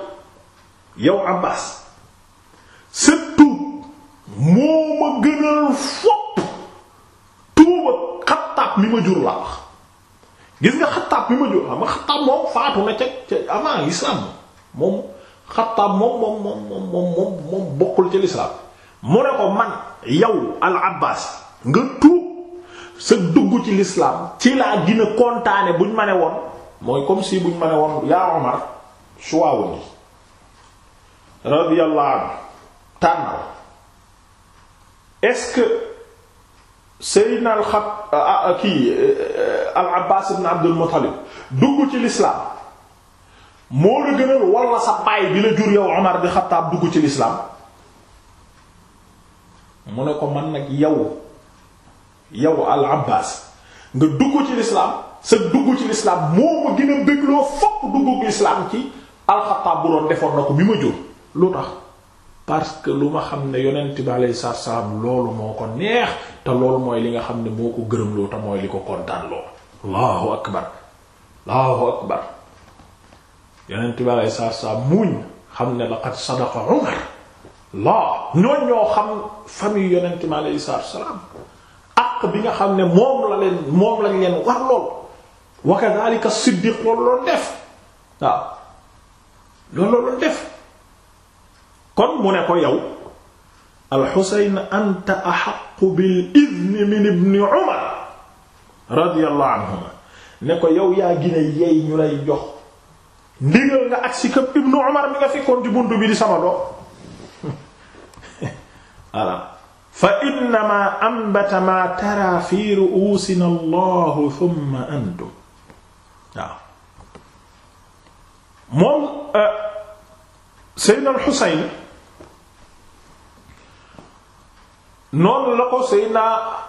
yow Abbaas surtout moo ma gënal fopp tuuba Xattaab mi ma jur laa wax gis nga xattaab bi ma jóg xam nga xattaab moom faatu na ca ca avant l'islam moom ma moom moom moom moom moom moom bokkul ca l'islam mu ne ko man yow al abbas nga tuub sa dugg ci lislaam ci laa gën kontaane buñ ma ne woon mooy comme si buñ ma ne woon yaa Omar choawa ni radiyallahu anhu tànn est-ce que Euh, ah, euh, kii euh, al abbaas ibn abdul muttalib dugg ci lislaam moo la gënal walla sa baay bi la jur yow omar bi xataab dugg ci lislaam mu ne ko man nag yow yow al abbaas nga dugg ci lislaam sa dugg ci lislaam moo ma gën a bégloo fopp dugg lislaam ci alxataab bu doon defoon na ko bi ma jur lu tax parce que lu ma xam ne yonent bi alayhi salaatu salaam loolu moo ko neex te loolu mooy li nga xam ne moo ko gërëmloo te mooy li ko kontaan loo allahu akbar allahu akbar yonent bi alayhi salaam muñ xam ne laqad sadaqa ñoo xam famille yonent bi alayhi salaam ak bi nga xam ne moom la leen moom lañ leen war lool wa kadhalika Siddiq loolu loolu def waaw loolu loolu def kon mu ne ko yow alxusayn anta axaqu bil idni min ibni umar radiyallahu anhuma ne ko yow yaa gine yey ñu lay jox ndigal nga agsi këpp ibnu umar mi nga fekkoon ci buntu bi di sama doom voilà fa innama ambata ma tara fi ru'usina allahu thumma antum waaw moom euh, Seydina al Xuseyn noonu la ko Seydina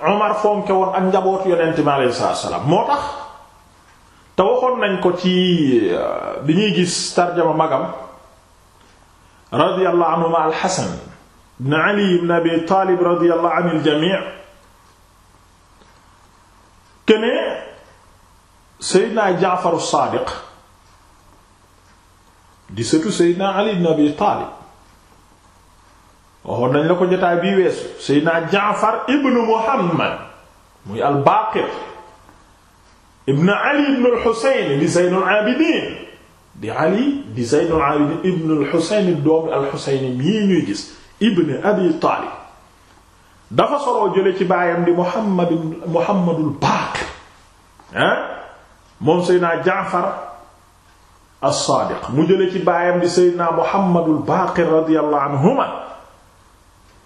Omar fonke woon ak njabootu yonent bi alayhi moo tax te waxoon nañ ko ci euh, bi ñuy gis tarjama magam radiyallahu anhuma al-Hasan ibn Ali ibn Abi Talib radiyallahu anil jamii kene Seydina Jaafaru Saadiq di sëtu Seydina Ali ibn Abi Talib waxoon nañ la ko jotaay bii weesu seydina jaafar ibnu muhammad muy al baaqir ali ibnu al xuseyn di abidin di ali di zeynul abidin ibnu al xuseyn doomi al xuseyn gis ibnu abi taalib dafa soroo jële ci baayam di muhammad muhammadul baaqir ah moom seydina jaafar as saadiq mu jële ci baayam di seydina muhammadul baaqir radiyallahu anhuma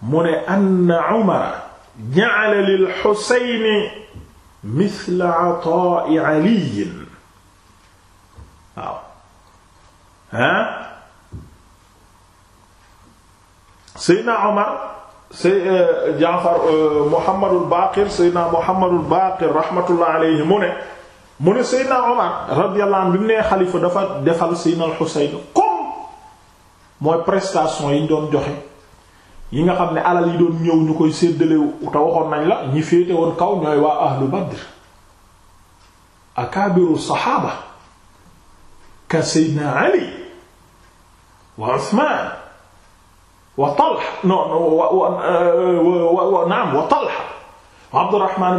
mu ne anna umara ja'ala lil xusayni mithla ataa'i aliyin waaw ah seydna omar sey eh, jaafar eh, mohammadul baqir seydna mohammadul baqir rahmatullah alayhi mu ne mu ne seydna omar radiyallahu anhu bi mu nee xalifa dafa defal seydna al xuseyn comme mooy prestation yi ñu doon joxe yi nga xam ne alal yi doon ñëw ñu koy séddale te waxoon nañ la ñi féete woon kaw ñooy waa ahlu badr akaabiru saxaaba ka seydna ali wa usmaan wa talha non wa naam wa talha wa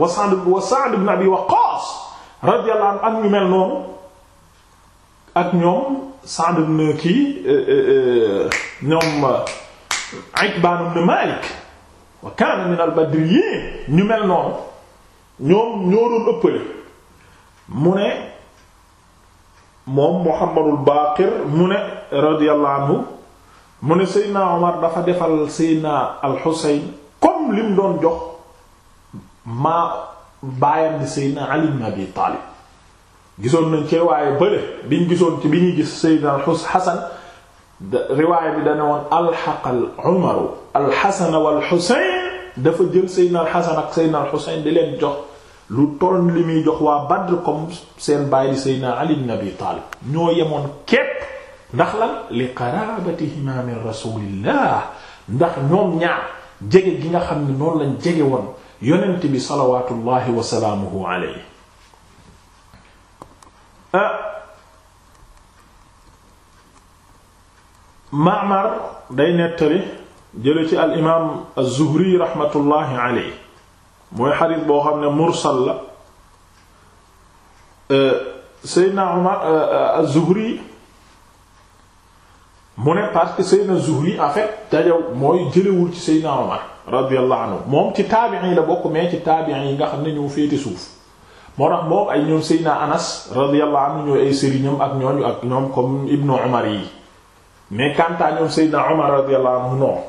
wa sa'd wa sa'd ibn abi waqqaas radiyallahu anhu ak ñu mel noonu ak ñoom sa'd Itbaan ibn Maalik wa kaana min al-badriyyiin ñu mel noonu ñoom ñoo doon ëppale mu ne moom Muhammadul Baaqir mu ne radiyallahu anhu mu ne Seydina Omar dafa defal Seydina al-Husayn comme li mu doon jox maa baayam di Seydina Ali ibn Abi Taalib gisoon nañ ci waaye bële biñ gisoon ci bi ñuy gis Seydina al-Hasan riwaay bi dana woon alxaqal umaru alxasana wal xusayn dafa jël seydna alxasan ak seydna di leen jox lu toll ni li muy jox waa Badr comme seen bàyyi di seydna Ali ibn Abi Taalib ñoo yemoon képp ndax lan li qarabatihima min rasulillah ndax ñoom ñaar jege gi nga xam ne noonu lañ jege woon yonent bi salawatullahi wa salaamuhu alayhi ah, ma Ma'mar day nettali jële ci al imaam az-Zuhri raxmatullaahi alayhi mooy xadiis boo xam ne mursal la euh, Seydina Umar euh, euh, az-Zuhri mu ne parce que Seydina Zuhri en fait dajaw mooy wul ci Seydina Umar radiyallahu anhu moom ci taabi'i yi la bokk mais ci taabi'i yi nga xam ne ñoo féete suuf moo tax moo ay ñoom Seydina Anas radiyallahu anhu ñu ay sëriñam ak ñooñu ak ñoom comme Ibnu Umar yi mais kantaa ñoom Seydina Omar radiyallahu anhu non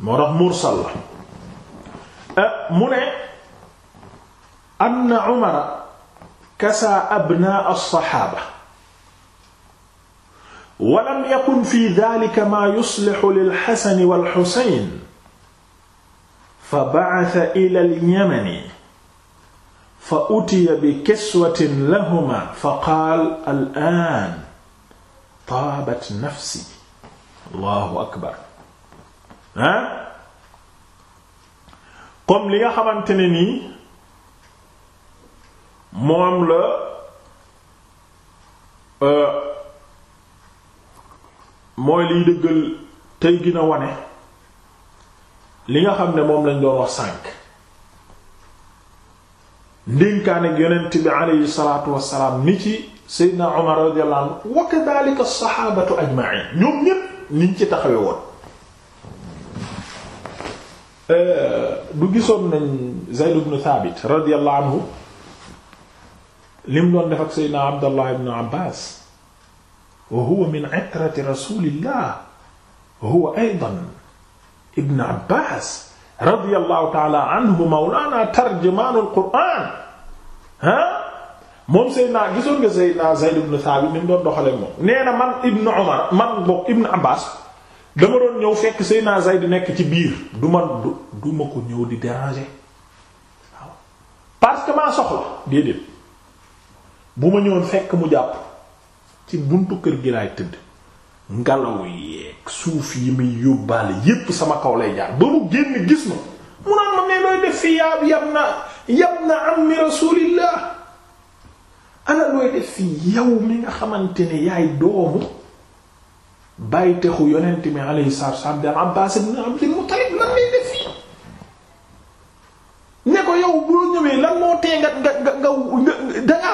moo tax mursal la euh, mu ne anna Omar kasaa abnaa as-saxaaba wa lam yakun fi daalika maa yuslihu lil Xasan wal Xusayn fa ba'asa ilal yamani fa utiya bi kiswatin lahumaa fa qaala al'aan taabat nafsi allahu akbar ah comme li nga xamante ne nii moom la euh, mooy liy dëggal tey gën a wane li nga xam ne moom lañ doon wax sànk ndénkaane yonent bi aleyhi salaatu wassalaam ni ci Seydina Omar radiyallahu anhu wa kadhalika as-sahabatu ajma'in ñoom ñépp niñ ci taxawe woon euh, du gisoon nañ Zayd ibn Thabit radiyallahu anhu lim doon def ak Seydina Abdallah ibn Abbas wa huwa min itrati rasulillah huwa aydan ibn Abbas radiyallahu ta'ala anhu mawlana tarjumanul Qur'an ha moom Seydina gisoon nga Seydina Zayd ibn Thabit ni mu doon doxalee moom nee na man Ibn Umar man bokk Ibn Abbas dama doon ñëw fekk Seydina Zayd nekk ci biir du ma du du ko ñëw di déranger waaw parce que maa soxla déedéet bu ma ñëwoon fekk mu jàpp ci buntu kër gi laay tëdd ngelaw yeeg suuf yi muy yóbbaale yépp sama kaw lay jaar ba mu génn gis ma mu naan ma ne looy def fi yaab na yab na ammi rasulillah ana looy def fii yow mi nga xamante ne yaay doomu bàyyi texu yonent mi alayhi salaatu wassalaam dal Abbaas ibn Abdul Muttalib lan lay def fii ne ko yow boo ñëwee lan moo tee nga nga nga nga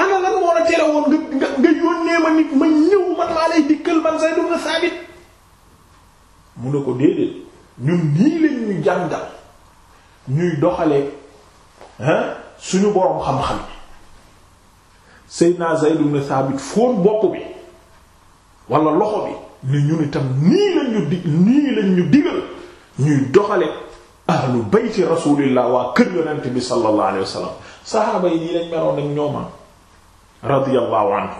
ñëw ba la tere woon nga nga yónnee ma nit ma ñëw man maa dikkal man Zayd ibn Saabit mu ne ko déedéet ñun nii lañ ñu jàngal ñuy doxalee suñu boroom xam-xam Seydina Zayd ibn Thabit fóon bopp bi wala loxo bi ni ñun itam nii lañ ñu dig nii lañ ñu digal ñuy doxale ahlu bayti rasulillah waa kër yonent bi sallallahu alayhi wasallam saxaaba yi nii lañ ak ñooma ah, radiyallahu anhu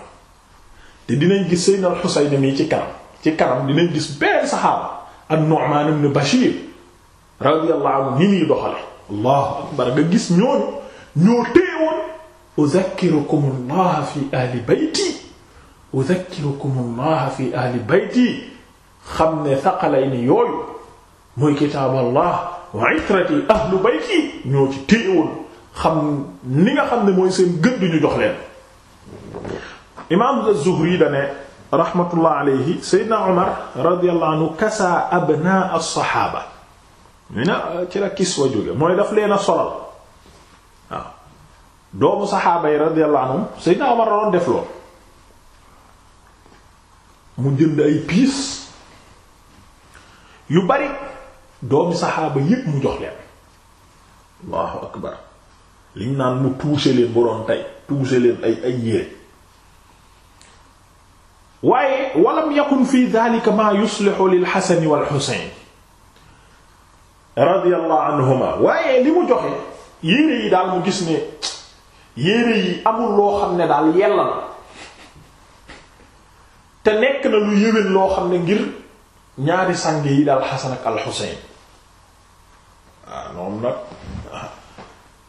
te dinañ gis Seydina al-Husayn mi ci kanam ci kanam dinañ gis benn saxaaba an-Nu'man ibn Bashir radiyallahu anhu ni doxale allahu akbar nga gis ñooñu ñoo téewoon udhakkirukum allah fi ahli bayti udhakkirukum allah fi ahli bayti xam ne thaqalayni yooyu muy kitaab allah wa itrati ahlu bayti ñoo ci téewoon xam ni nga xam ne mooy seen gëdd ñu jox leen imaam zuhri da ne rahmatullah alayhi sayyidina umar radiyallahu anhu kasa abnaa as-sahaaba ñu ne ah, ci la kiswa jóge mooy daf leen a solal waaw doomu saxaaba yi radiyallahu anhum Seydina Omar doon def lool mu jënd ay piis yu bari doomi saxaaba yëpp mu jox leen allahu akbar liñ naan mu tuuse leen bu doon tey tuuse leen ay ay yére waaye walam yakun fi dhalika ma yuslihu lil Hasan wal Husayn radiyallahu waaye li mu joxe yére yi daal mu gis ne yére yi amul loo xam ne daal yella te nekk na lu yéwén loo xam ne ngir ñaari sang yi daal Xasan ak Alxuseyn ah, nag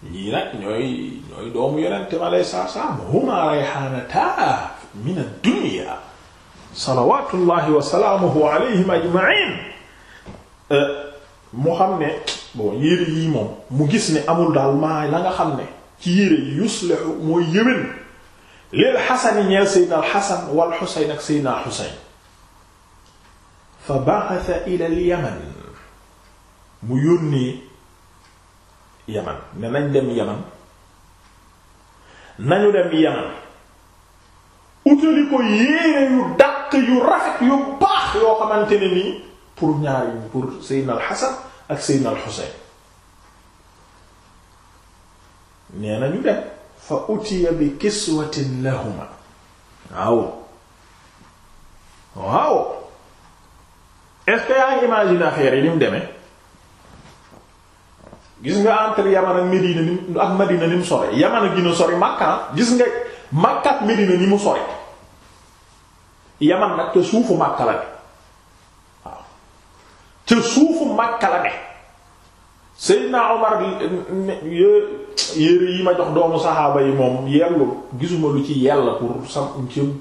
ñii nag ñooy ñooy doomu yonente mi aleyhi salaatu salaam huma rayhaanataa mina dunya salawaatullaahi wa salaamuhu alayhim ajma'iin eh, mu xam ne bon yére yii moom mu gis ne amul daal maa la nga xam ne ci yére yi yuslihu mooy yëwén lil xasani ñeel seydna al xasan wal xusayn ak seydna al fa ba'atha ila al mu yónnee yaman ne nañ dem yaman nañu dem yaman utali ko yére yu dàq yu rafet yu baax yoo xamante ne nii pour ñaari ñi pour Seydina al ak Seydina al nee na ñu fa utiya bi kiswatin lahuma waaw waaw est yaa ngi imaginer affaire yi ni mu gis nga entre Yaman ak Medina ni ak mu sore Yaman a gina sori Makka ah. gis nga Makka ak Medina ni mu sori Yaman nag suufu Makka la ca suufu Makka la ne Omar yére yi ma jox doomu saxaaba yi moom yellul gisuma lu ci yàlla pour sam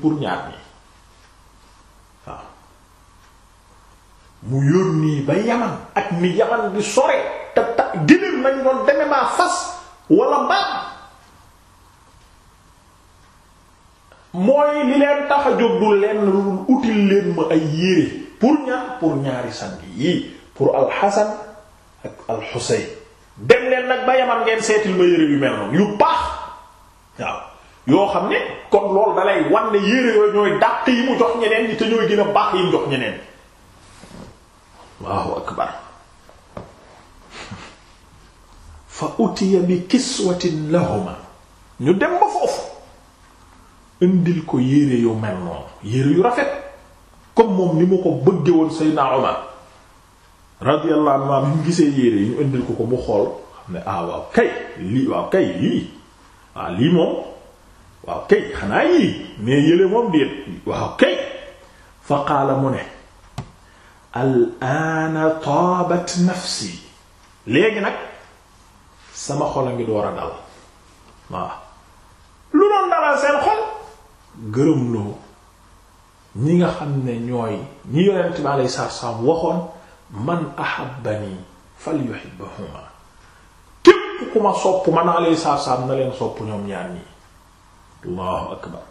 pour ñaar ñi waaw mu yónni ba Yaman ak ni Yaman bi sore te ta gëléem nañ doon deme maa fas wala mbaam mooy li leen tax du lenn lu util leen ma ay yére pour ñaan pour ñaari sang yii pour alxasan ak alxuseyn dem leen nag ba yaman ngeen seetil ma yére yu mel noonu yu baax waaw yoo xam ne kon lool dalay wan ne yére yooyu ñooy dàq yi mu jox ñeneen ñi te ñooy gën a baax yi mu jox ñeneen Allahu akbar fa utiya bi kiswatin lahuma ñu dem ba foofu indil ko yére yu mel noonu yére yu rafet comme moom ni mu ko bëgge woon Seydina Omar radiyallahu anhu bi mu gisee yére yi ñu indil ko ko mu xool xam ne ah waaw kay lii waaw kay lii waaw ah, lii moom waaw kay xanaa yii mais yële moom déet waaw kay fa qaala mu ne al ana nafsi léegi nag sama xol a ngi war a dal waaw lu doon dalal seen xol gërëm loo ñi nga xam ne ñooy ñi yonent bi alayhi salaam waxoon man ahabbani falyuhibbahuma képp ku ma sopp man alayhi salaam na leen sopp ñoom ñaar ñi allahu akbar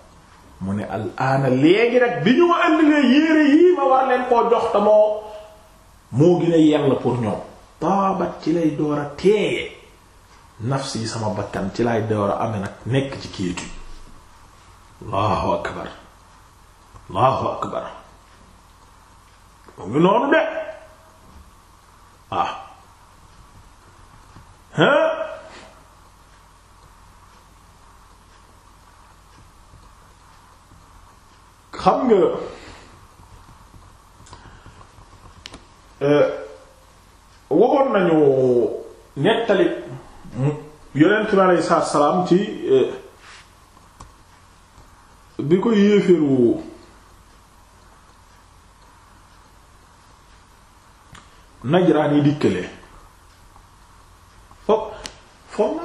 mu ne al aana léegi nag bi ñu ma indilee yére yii ma war leen koo jox te moo moo gën a pour ñoom taabat ci lay door a teeye nafsi sama bakkan ci lay door a ame nag nekk ci kéetu allahu akbar allahu akbar mu ngi noonu de ah hein xam nga eh, waxoon nañu nettali yonent bi aleyhi salaatu salaam ci eh, bi ko yéeféeru najraan yi dikkalee foog foog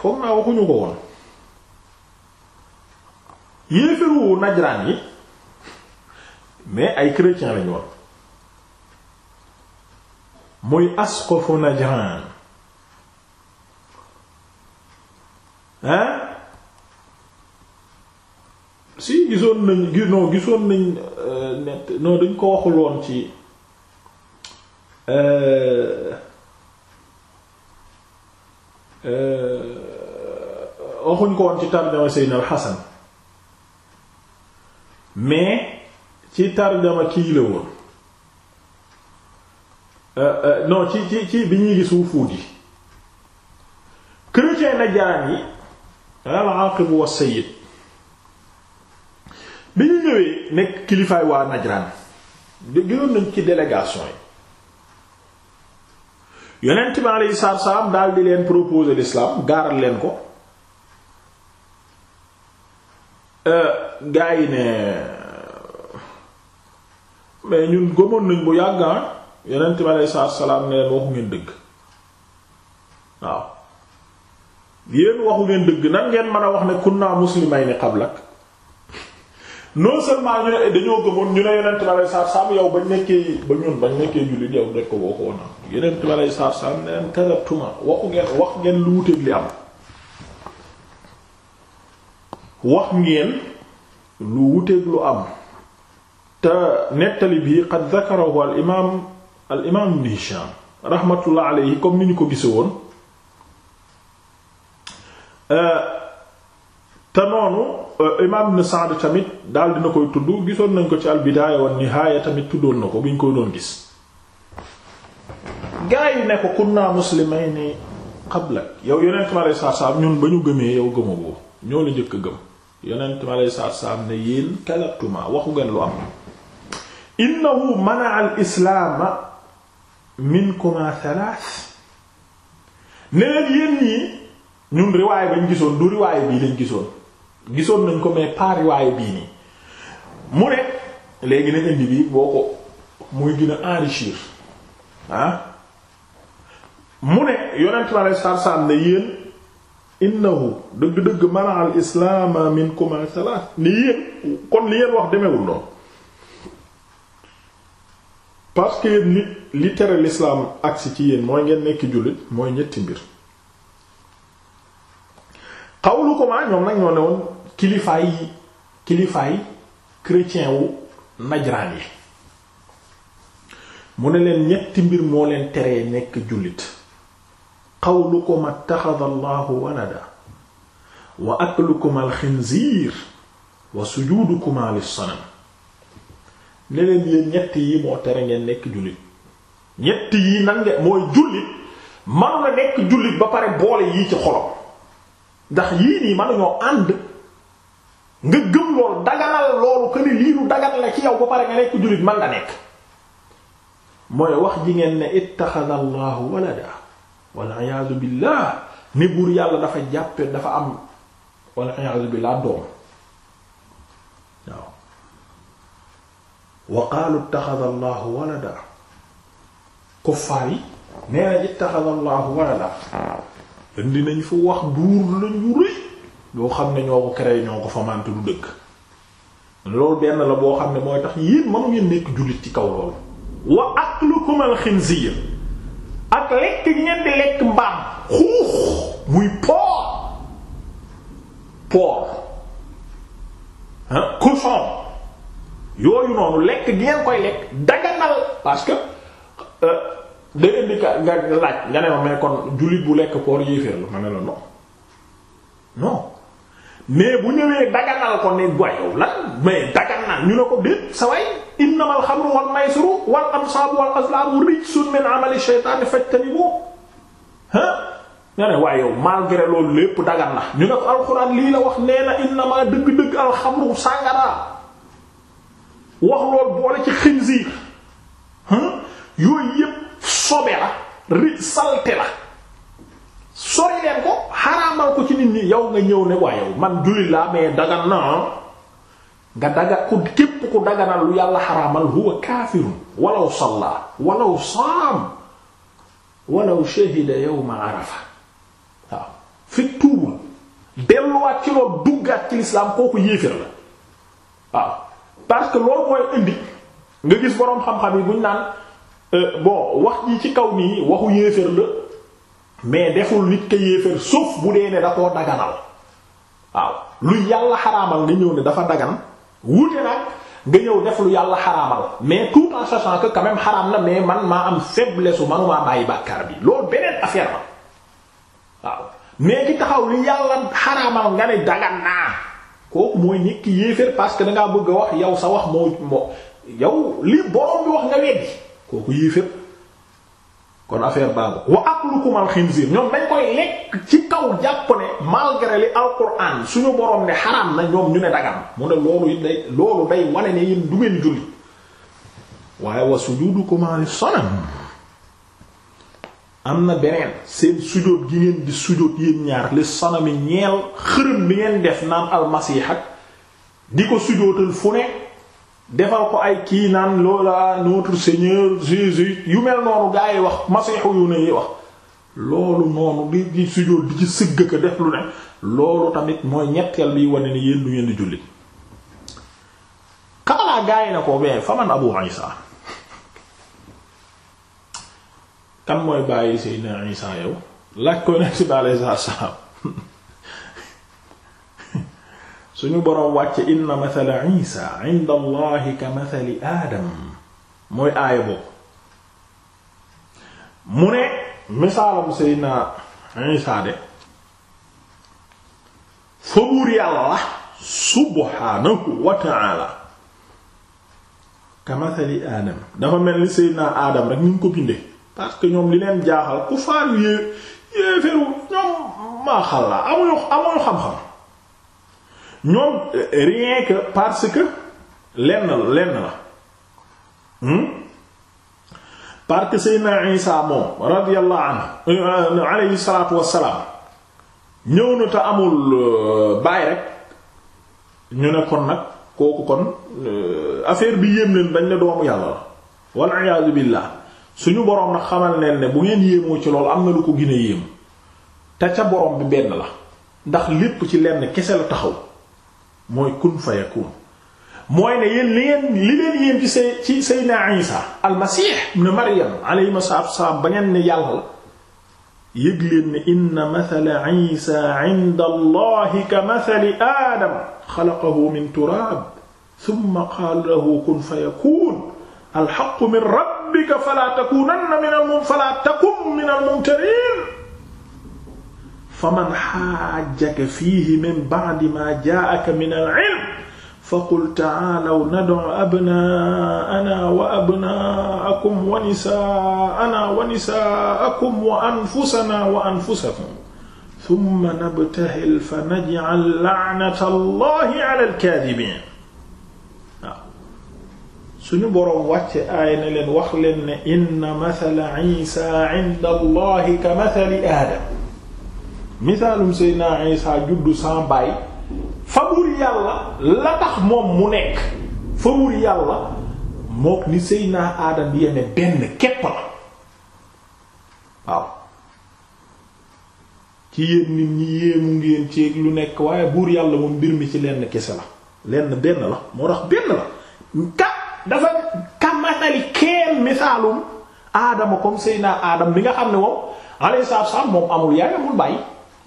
foog naa waxuñu ko woon yéefaru najraan yi mais ay chrétien lañu woon muy askofu najraan hein si gisoon nañ non gisoon nañ euh, non dañ ko waxul woon ci Euh, euh, waxuñ ko woon ci tarjama Seydina al-Hasan mais ci tarjama kii la woon euh, non ci ci ci bi ñuy gis wufuud yi chrétien na jaan yi al-Aqib wa Sayyid bi ñu ñëwee nekk kilifaay waa Najraan gënoon nañ ci délégation yi yonent bi aleyhi salaam daal di leen proposer l'islam gaaral leen ko euh, gaa yi ne mais ñun gëmoon nañ bu yàgg ah yonent bi aleyhi salaatu salaam ne leen waxu ngeen dëgg waaw yéen waxu ngeen dëgg nan ngeen mën a wax ne kunna muslimayni qablak non seulement ñu ne eh, dañoo gëmoon ñu ne yonent bi aleyhi salaatu salaam yow bañ nekkee ba ñun bañ nekkee jullit yow daj ko boo ko woon am yonent bi aleyhi salaatu salaam ne leen kadabtuma waxu ngeen lu wuteeg li am wax lu wuteeg lu am te nettali bi qad dhakarahu al imaam al imaam ibn Hishaam rahmatullah comme ni ñu ko gise woon euh, te noonu euh, imaam Ibn Sa'd tamit daal dina koy tudd gisoon nañ ko ci al-Bidaaya wa Nihaaya tamit tuddoon na ko bi ñu koy doon gis gaa yi ne ko kunna muslimayni qablak yow yonent mi alayhi salaam ñun ba gëmee yow gëma boobu ñoo la njëkk gëm yonent mi alayhi salaam ne yéen kalatuma waxu ngeen lu am innahu mana'a al-islaama minkuma thalath ne leen yéen ñii ñun riwaay bañ gisoon du riwaay bii lañ gisoon gisoon nañ ko mais par riwaaya bii nii mu ne léegi nañ indi bi boo ko muy gën a enrichir ah mu ne yonent mi alei satu salaam ne yéen innahu dëgg-dëgg mana al islaama minkum salat ni yéen kon li yéen wax demewul noonu parce que li li tere l'islaam agsi ci yéen mooy ngeen nekk jullit mooy ñetti mbir xawlu ko ah, ma ñoom nag ñoo ne woon kilifaay yi kilifaay chrétien wu najraan yi mu ne leen ñetti mbir moo leen teree nekk jullit qawlukum attaxada allahu walada wa aklukum alxinziir wa sujudukum lissanam ne leen leen ñett yi moo tere ngeen nekk jullit ñett yi nan mooy jullit manu nekk jullit ba pare boole yi ci xolom ndax yii nii manuñoo ànd nga gëm loolu daganal loolu que ni lii lu dagan la ci yow ba pare nga nekk jullit man nga nekk mooy wax ji ngeen ne ittaxada allahu walada wal iyaazu billah ni buur yàlla dafa jàppe dafa am wal iyaazu billah doom waaw wa qaalu ittaxada allahu walada kuffaar yi nee na ittaxada allahu walada indi nañ fu wax duur lañu rëy yoo xam ne ñoo ko créé ñoo ko famante du dëkk loolu benn la boo xam ne mooy tax yéen mënu ngeen nekk jullit ci kaw loolu wa aklukum al xinziir ak lekk ngeen di lekk mbaam xuux muy porc porc ah cochon yooyu noonu lekk gi ngeen koy lekk daganal parce que euh, dangeen ka nga laaj nga ne ma mais kon jullit bu lekk porc yéeféer la ma ne la non non mais bu ñëwee daganal ko ne goyow la mais daganal ñu ne ko déet sa way innamal xamru wal maysiru wal ansaabu wal azlaamu rijsun min amali shaytaani fajtanibu ha nga ne waaye yow malgré loolu lépp dagan na ñu ne la wax nee na innama dëgg-dëgg alxamru sàngara wax lool boole ci xinziir yooyu yépp sobe la ri salte la sori leen ko xaraamal ko ci nit ñi yow nga ñëw ne waa yow man jullit laa mais dagan na ah. nga daga ku képp ku daganal lu yàlla xaraamal huwa kaafirun walaw salla walaw saam walaw shahida yawma arafa waaw ci loolu duggaat ci lislaam kooku yéefér la waaw parce que loolu mooy indi nga gis boroom xam-xam yi buñ naan euh, bon wax ji ci kaw nii waxu yéefér la mais deful nit ka yéeféer sauf bu dee ne da koo daganal waaw lu yàlla xaraamal nga ñëw ni dafa dagan wuute nag nga ñëw def lu yàlla xaraamal mais tout en sachant que xaraam na mais man maa am faiblesse manumaa bàyyi bàkkaar bi loolu beneen affaire la waaw mais ki taxaw lu yàlla xaraamal nga ne dagan naa kooku mooy nekk yéeféer parce que dangaa bëgg a wax yow sa wax moo moo yow li borom bi wax nga weddi kooku yéeféer kon affaire baabu wa aklukum al xinziir ñoom dañ koy lekk ci kaw jàpp ne malgré li alquran suñu borom ne xaraam na ñoom ñu ne dagan mu ne loolu it day loolu day wane ne yéen du ngeen julli waaye wa sujudukum al sanam am na beneen seen sujóot gi ngeen di sujóot yéen ñaar li sanami ñeel xërëm bi ngeen def naan almasiix di ko sujootal fu ne defal ko ay kii naan loola notre seigneur Jésus yu mel noonu gaa yi wax masiixu yu ne yi wax loolu noonu di di sujjóot di ci sëgg ko def lu ne loolu tamit mooy ñetteel biy wane ni yéen du ngeen di xamalaa gaa na ko mais faman Abu Isa kan mooy bàyyi Seydina Isa yow laaj ko ne si bàyyi sa salaam suñu boroom wàcce inna mathala isa inda allahi ka mathali mooy aaya boobu mu ne misaalam seydna isa de fa buur yàlla subhaanahu wa ta'ala ka mathali aadam dafa mel ni seydna aadam rek ni ñu ko bindee parce que ñoom li leen jaaxal ku faaru yée yéeféeru ñoom maa xalla amuñu xam-xam ñoom euh, rien que parce que lenn la lenn la hmm? parce que Seydina Isa moom radiyallahu anhu euh, alayhi wassalaam ñëw na te amul euh, baay rek ñu ne kon nag kooku kon affaire bi yéem leen dañ ne doomu yàlla la wal iyaazu billaah suñu boroom nag xamal neen ne bu ngeen yéemoo ci loolu am na lu ko gën yéem te ca boroom bi benn la ndax lépp ci lenn kese la taxaw mooy kun fayakun mooy ne yéen li ngeen li leen yéen ci say ci Seydina Isa almasih ibn Maryam alayhi salaatu wassalaam ba ngeen ne yàlla la yëg leen ne inna mathala Isa inda Allahi ka mathali Aadama xalaqahu min turaab thumma qaala lahu kun fayakun alhaqqu min rabbika falaa takuunanna minal mum falaa takun minal mumtariin fa man xaajaka fiihi min ba'di maa jaa'aka min al-'ilm faqul ta'aalaw nad'u abnaa'anaa wa abnaa'akum wa nisaa'anaa wa nisaa'akum wa anfusanaa wa anfusakum thumma nabtahil fa naj'al la'nata Allahi 'ala al-kaadhibiin waaw suñu boroom wàcce aaya ne leen wax leen ne inna mathala Iisaa 'inda Allahi ka mathali Aadam misaalum Seydina Isa juddu sans baay fa buur yàlla la tax moom mu nekk fa buur yàlla mook ni Seydina Adam bi yeme benn képp la waaw ci yéen nit ñi yéemu ngeen ceeg lu nekk waaye buur yàlla moom mbir mi ci lenn kese la lenn benn la moo tax benn la ka dafa kamatali kenn misaalum aadama comme Seydina Adam bi nga xam ne moom alayhi salaam moom amul yaay amul bàyyi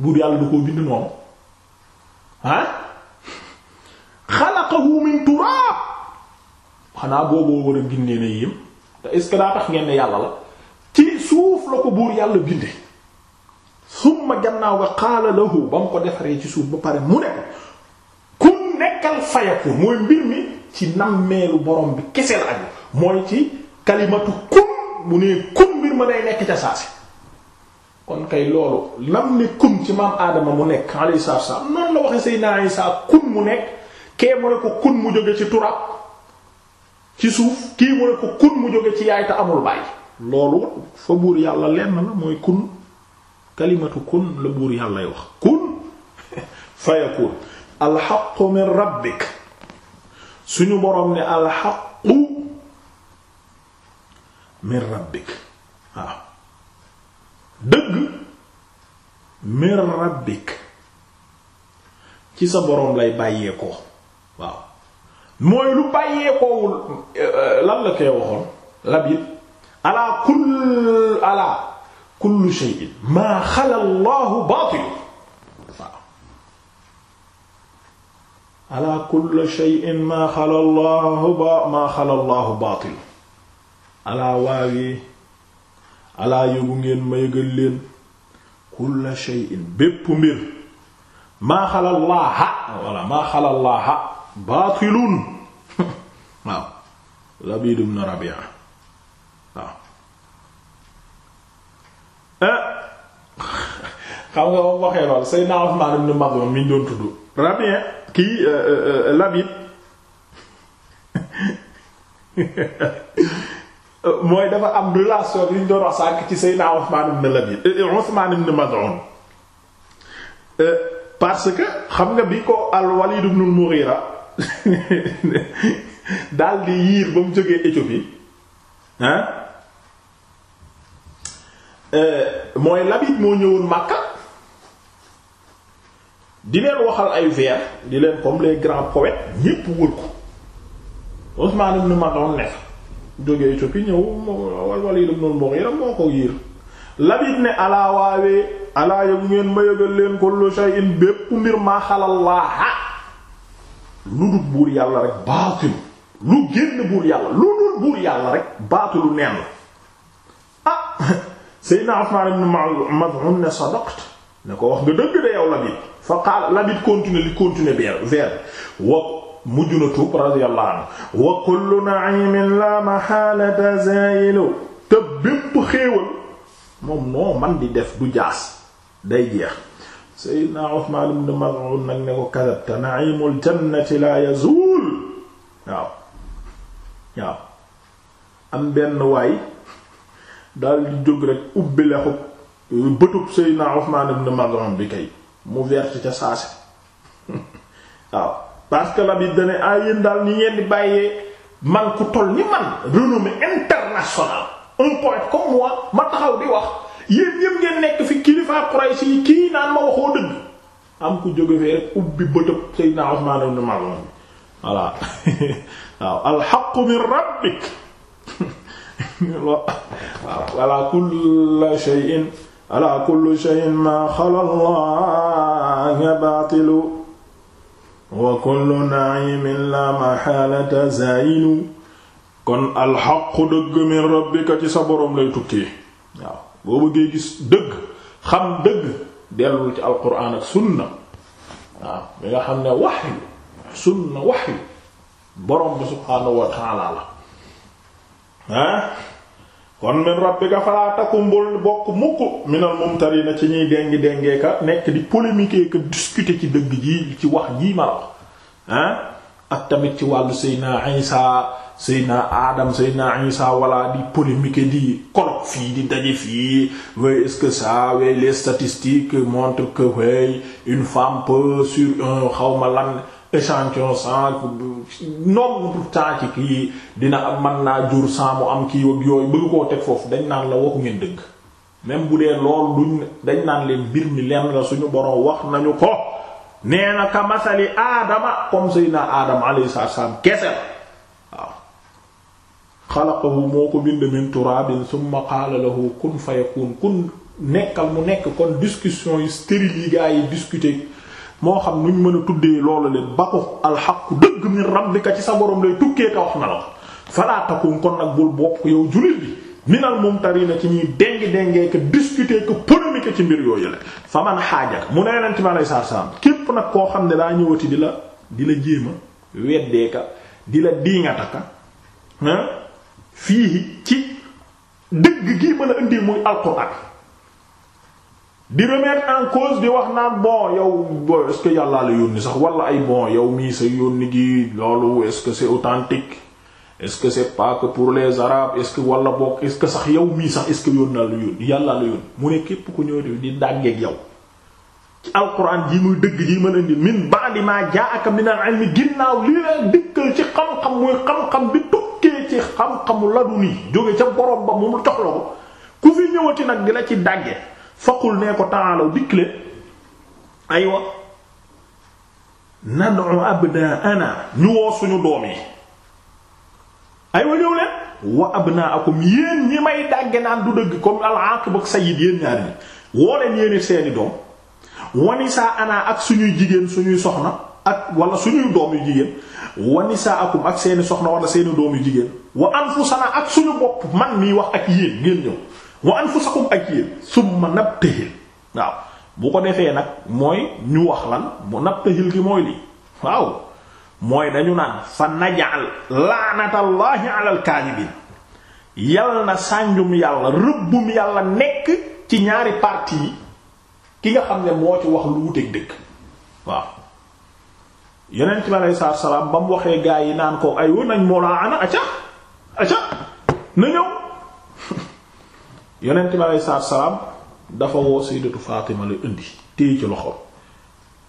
buur yàlla da koo bind noonu ah xalaqahu min turaab xanaa booboo war a gindee na yéem te daa tax ngeen yàlla la ci suuf la ko buur yàlla binde summa gannaaw nga qaala ba mu ko defaree ci suuf ba pare mu ne kun nekkal fayakun mooy mbir mi ci nammeelu borom bi kese aju mooy ci kalimatu kun bu nee kun mbir ma day nekk ca saasi kon kay loolu lam ne kun ci maam aadama mu nekk alayhi salaatu salaam noonu la waxe Seydina Isaa kun mu nekk kee mu ne ko kun mu jóge ci turab ci suuf kii mu ne ko kun mu jóge ci yaay te amul baay loolu fa buur yàlla lenn la mooy kun kalimatu kun la buur yàllay wax kun fayakun alxaqu min rabbik suñu boroom ne alxaqu min rabbik waaw dëgg mir rabbik ci sa borom lay bàyyeekoo waaw mooy lu bàyyeekoowul euh, lan waxoon labit ala kull ala kullu shay'in maa xala Allahu baatil waaw ala kulli maa xala Allahu baatil ala waawi alaa yëgu ngeen ma yëgal leen kulla shay'in bépp mbir maa xalallaaha walla maa xalallaaha baatilun waaw Labiid ibn Rabi'a waaw eh. xam nga moom waxee lool Seydina Usmaan ibn Maz'uun mi ñu doon tudd Rabi'a kii eh, eh, Labiid Euh, mooy dafa am relation liñ doon wax sànk ci Seydina Ousmane ibn Labid euh, euh, Ousmane ibn Mad'un parce que xam nga bi ko al-Walid ibn al-Mughira daal di yiir ba mu jógee Éthiopie hein mooy Labid moo ñëwoon Makka di leen waxal ay vers di leen comme les grands poètes ñépp wër ko Ousmane ibn Mad'un ne jóge Éthiopie ñëw Walwaliid ibnul Mughira moo ko yiir Labid ne alaa waawee alaa yëgu ngeen ma yëgal leen kullu shay'in bépp mbir maa xalallaaha lu dul buur yàlla rek baatilu lu génn buur yàlla lu dul buur yàlla rek baatilu neen la ah Seydina Usmaan ibn Maz'un ne sadaqta ne ko wax nga dëgg de yow Labid fa qaala Labid continue li continue vers vers mujj na tuub radiyallahu anhu wa kullu na'imin la mahalata zaayilu te bépp moom noo man di def du jaas day jeex sayyidna Uthman ibn Maz'un nag ne ko kadabta na'imul jannati la yazul waaw waaw am benn waay daal di jóg rek ubbi lexub bëtub sayyidna Uthman ibn Maz'un bi kay mu verte ca saase waaw parce que Labid da ne ah, daal ni ngeen bàyyee man ku toll ni man renommée internationale un poète comme moi ma taxaw di wax yéen ñëpp ngeen nekk fi kilifa Quraysh yi kii naan ma waxoo dëgg am ku jóge fee rek ubbi bëtëb Seydina Usmaan ibn Maz'un voilà waaw alxaqu min rabbik waaw ala kulli shay'in ala kulli shay'in ma xala Allah baatilu wa kullu na'imin la maxaalata zaayinu kon alxaqu dëgg min rabbika ci sa boroom lay tukkee waaw boo bëggee gis dëgg xam dëgg dellul ci alquran ak sunna waaw mi nga xam ne waxyu sunna waxyu boroom bi subhaanahu wa ta'aala kon min rabbika falaa takum bul bokk mukk minal mumtarina ci ñuy déngi déngee nekk di polémiquer ka discuter ci dëgg ji ci wax jii ma la wax ak tamit ci wàllu seynaa Isa Seydina aadam Seydina Isa wala di polémiquer di colloque fii di daje fii way est-ce que ça way les statistiques montrent que way une femme sur un xawma lan échantillon sang nombre temps ci kii dina am man naa jur sang mu am kii ak yooyu bëgg koo teg foofu dañ naan la waxu ngeen dëgg bu dee lool duñ dañ naan leen mbir mi lenn la suñu borom wax nañu ko nee na ka masali aadama comme sayna aadama alayhi salaam kese la waaw xalaqahu moo ko bind min turabin thumma qaala lahu kun fayakun kun nekkal mu nekk kon discussion yu stérile yi gaa yi discuter moo xam ñu mën a tuddee loolu leen ba ko alxaqu dëgg min rabbika ci sa borom lay tukkee te wax na la falaa takun kon nag bul yow jullit bi minal mumtarina ci ñuy dengi dengee ko discuter ko polémique ci mbir yooyu la fa man xaajaka mu ne yonent mi alayhi salaam képp nag koo xam ne daa ñëwati di la di la jéema weddeeka di la diiŋataka ah, fii ci dëgg gii mën a indi muy ak di remettre en cause di wax naan bon yow bon est yàllaa la yónni sax wala ay bon yow mii sa yónni gi loolu est-ce que c'est authentique est-ce que pour les arabes est-ce wala bokk est sax yow mii sax est-ce que yónnaa la yónni yàllaa la yónni mu ne képp ku ñëw di dàggeeg yow. ci alquran ji muy dëgg ji mën indi min ba'di ma jaa'aka min a ilmi ginnaaw li la dikkal ci xam-xam muy xam-xam bi tukkee ci xam-xamu ladu nii jóge ca borom ba mu jox la ko ku fi ñëwati nag di ci dàgge. faqul ne ko taalaw dikk leen aywa nad'u abnaana ñu woo suñu doom yi aywa ñëw leen wa abnaakum yéen ñi may dàgge naan du dëgg comme al-Aqib ak Sayyid yéen ñaar ñi woo leen yéen seeni doom wanisaa ana ak suñuy jigéen suñuy soxna ak walla suñuy doom yu jigéen wanisaa akum ak seeni soxna wala seeni doom yu jigéen wa anfusana ak suñu bopp man miy wax ak yéen ngeen ñëw wa anfusakum ak yéen summa nabtahil waaw bu ko defee nag mooy ñu wax lan mu nabtahil gi mooy lii waaw mooy dañu naan fa najal laanatallahi alal kaani bi yal na sànjum yàlla rëbbum yàlla nekk ci ñaari parti ki nga xam ne moo ci wax lu wuteeg dëgg waaw yonent bi aleyhi salaam ba mu waxee gaa yi naan ko ay woon nañ moo laa ana aca aca na ñëw yonent bi aleyhi salaatu salaam dafa woo sayyidatu Faatima la indi téye ci loxo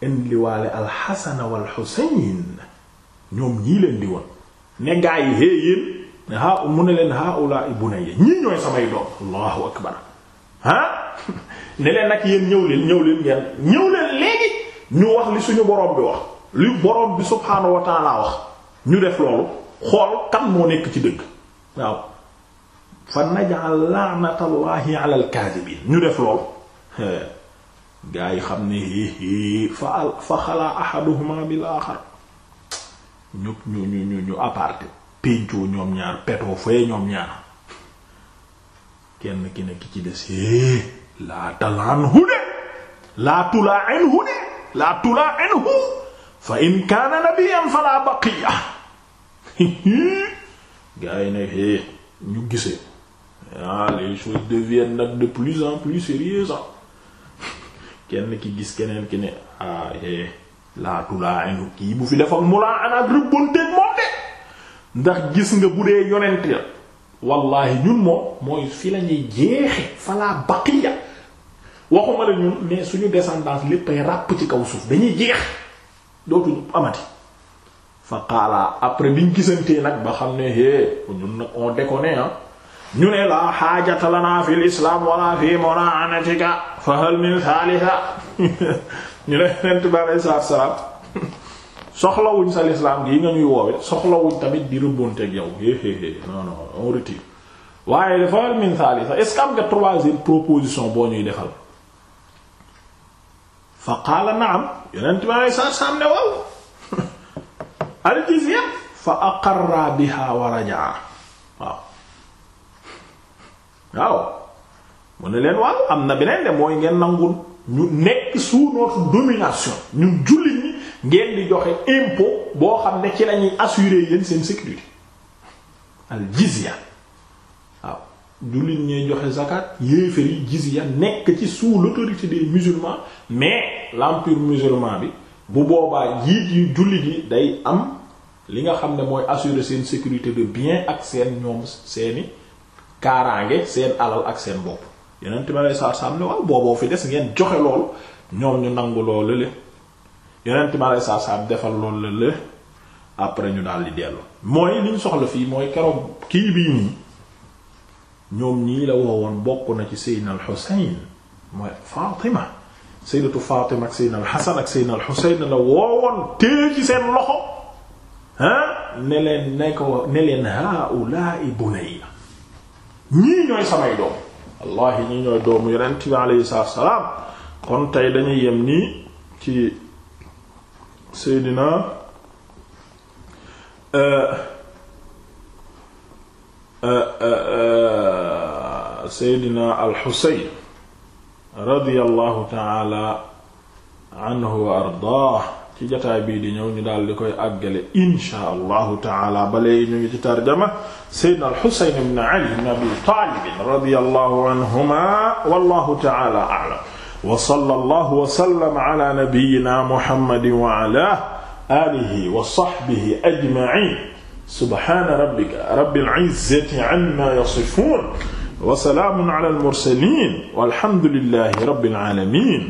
indi waale alxasan wal xuseyn ñoom ñii leen di woon ne gaa yi hee yéen mu ne leen haulaa bunayya ñii ñooy samay doom allahu akbar ah ne leen nag yéen ñëw leen ñëw leen léegi ñu wax li suñu borom bi wax li borom bi subhaanahu wa wax ñu def loolu xool kan moo nekk ci dëgg waaw fa naj'al la'natallahi 'ala al-kaadibin ñu def lool gaa yi xam ne hihi fa fa xalaa ahaduhuma bil axar ñu ñu ñu ñu aparté péncoo ñoom ñaar petoo fee ñoom ñaar kenn ki ne ki ci des hee laa talaan hu de laa tulaa en hu de laa tulaa en hu fa in kaana nabiyyan falaa baqiya gaa yi ne hee ñu gisee ah les choses deviennent nag de plus en plus sérieuses kenn ki gis keneen ki ne ah eh laatu laa kii bu fi def ak mulaa anaat rëbbanteeg moom de ndax gis nga bu dee yonent ya wallahi ñun moom mooy fi la ñuy jeexe falaa baqiya waxuma la ñun mais suñu descendance léppay ràpp ci kaw suuf dañuy jeex dootuñu amati. fa xaalaa après biñ gisantee nag ba xam ne eh ñun nag on déconne ah. ñu ne laa xaajata lana fi lislaam wala fi muraanatika fa hal min thalitha ñu ne nent bi alei salaam soxlawuñ sa lislaam gi nga ñuy woowe soxlawuñ tamit di rëbbonteeg yow éé non non on retire waaye fa hal min thalitha est-ce que am nga troisième proposition boo ñuy defal fa qaala naam yonent bi alei salaatu salaam ne waaw al jizya fa aqarra biha wa rajaa waaw mu ne leen waaw am na beneen de mooy ngeen nangul ñu nekk sous notre domination ñun jullit ñi ngeen di joxe impôt boo xam ne ci lañuy assurer yéen seen sécurité al jizya waaw jullit ñee joxe zakat yéefar yi jizya nekk ci sous l'autorité des musulmans mais l'empire musulman bi bu boobaa jiit yi jullit yi day am li nga xam ne mooy assurer seen sécurité de bien ak seen ñoom seeni kaaraange seen alal ak seen bopp yeneen ma lay saar saam ne waaw booboo fi des ngeen joxe loolu ñoom ñu nangu loolu le yeneen ma lay saar saam defal loolu le après ñu daal di dellu mooy liñ soxla fii mooy keroog kii bii nii ñoom ñii la woowoon bokk na ci Seydina al-Husayn mooy Fatima Sayyidatu Fatima ak Seydina al ak Seydina al la woowoon téye ci seen loxo ah ne leen ne ne leen haa'ulaa'i bunayya ñii ñooy samay doom wallahi ñii ñooy doomu yonent bi salaam kon tey dañuy yem nii ci seydina euh, euh, euh, seydina alxuseyn radiyallahu taala anhu wa ci jotaay bii di ñëw ñu daal di koy àggale inshaa allahu taala ba léegi ñu ngi ci tarjama sayyidina al-Husayn ibn Ali ibn Abi Talib radiyallahu anhuma wallahu taala a'lam wa sallallahu wa sallama ala nabiyyina Muhammadin wa ala alihi wa sahbihi ajma'in subhana rabbika rabbil izzati amma yasifun wa salamun ala al-mursalin walhamdulillahi rabbil alamin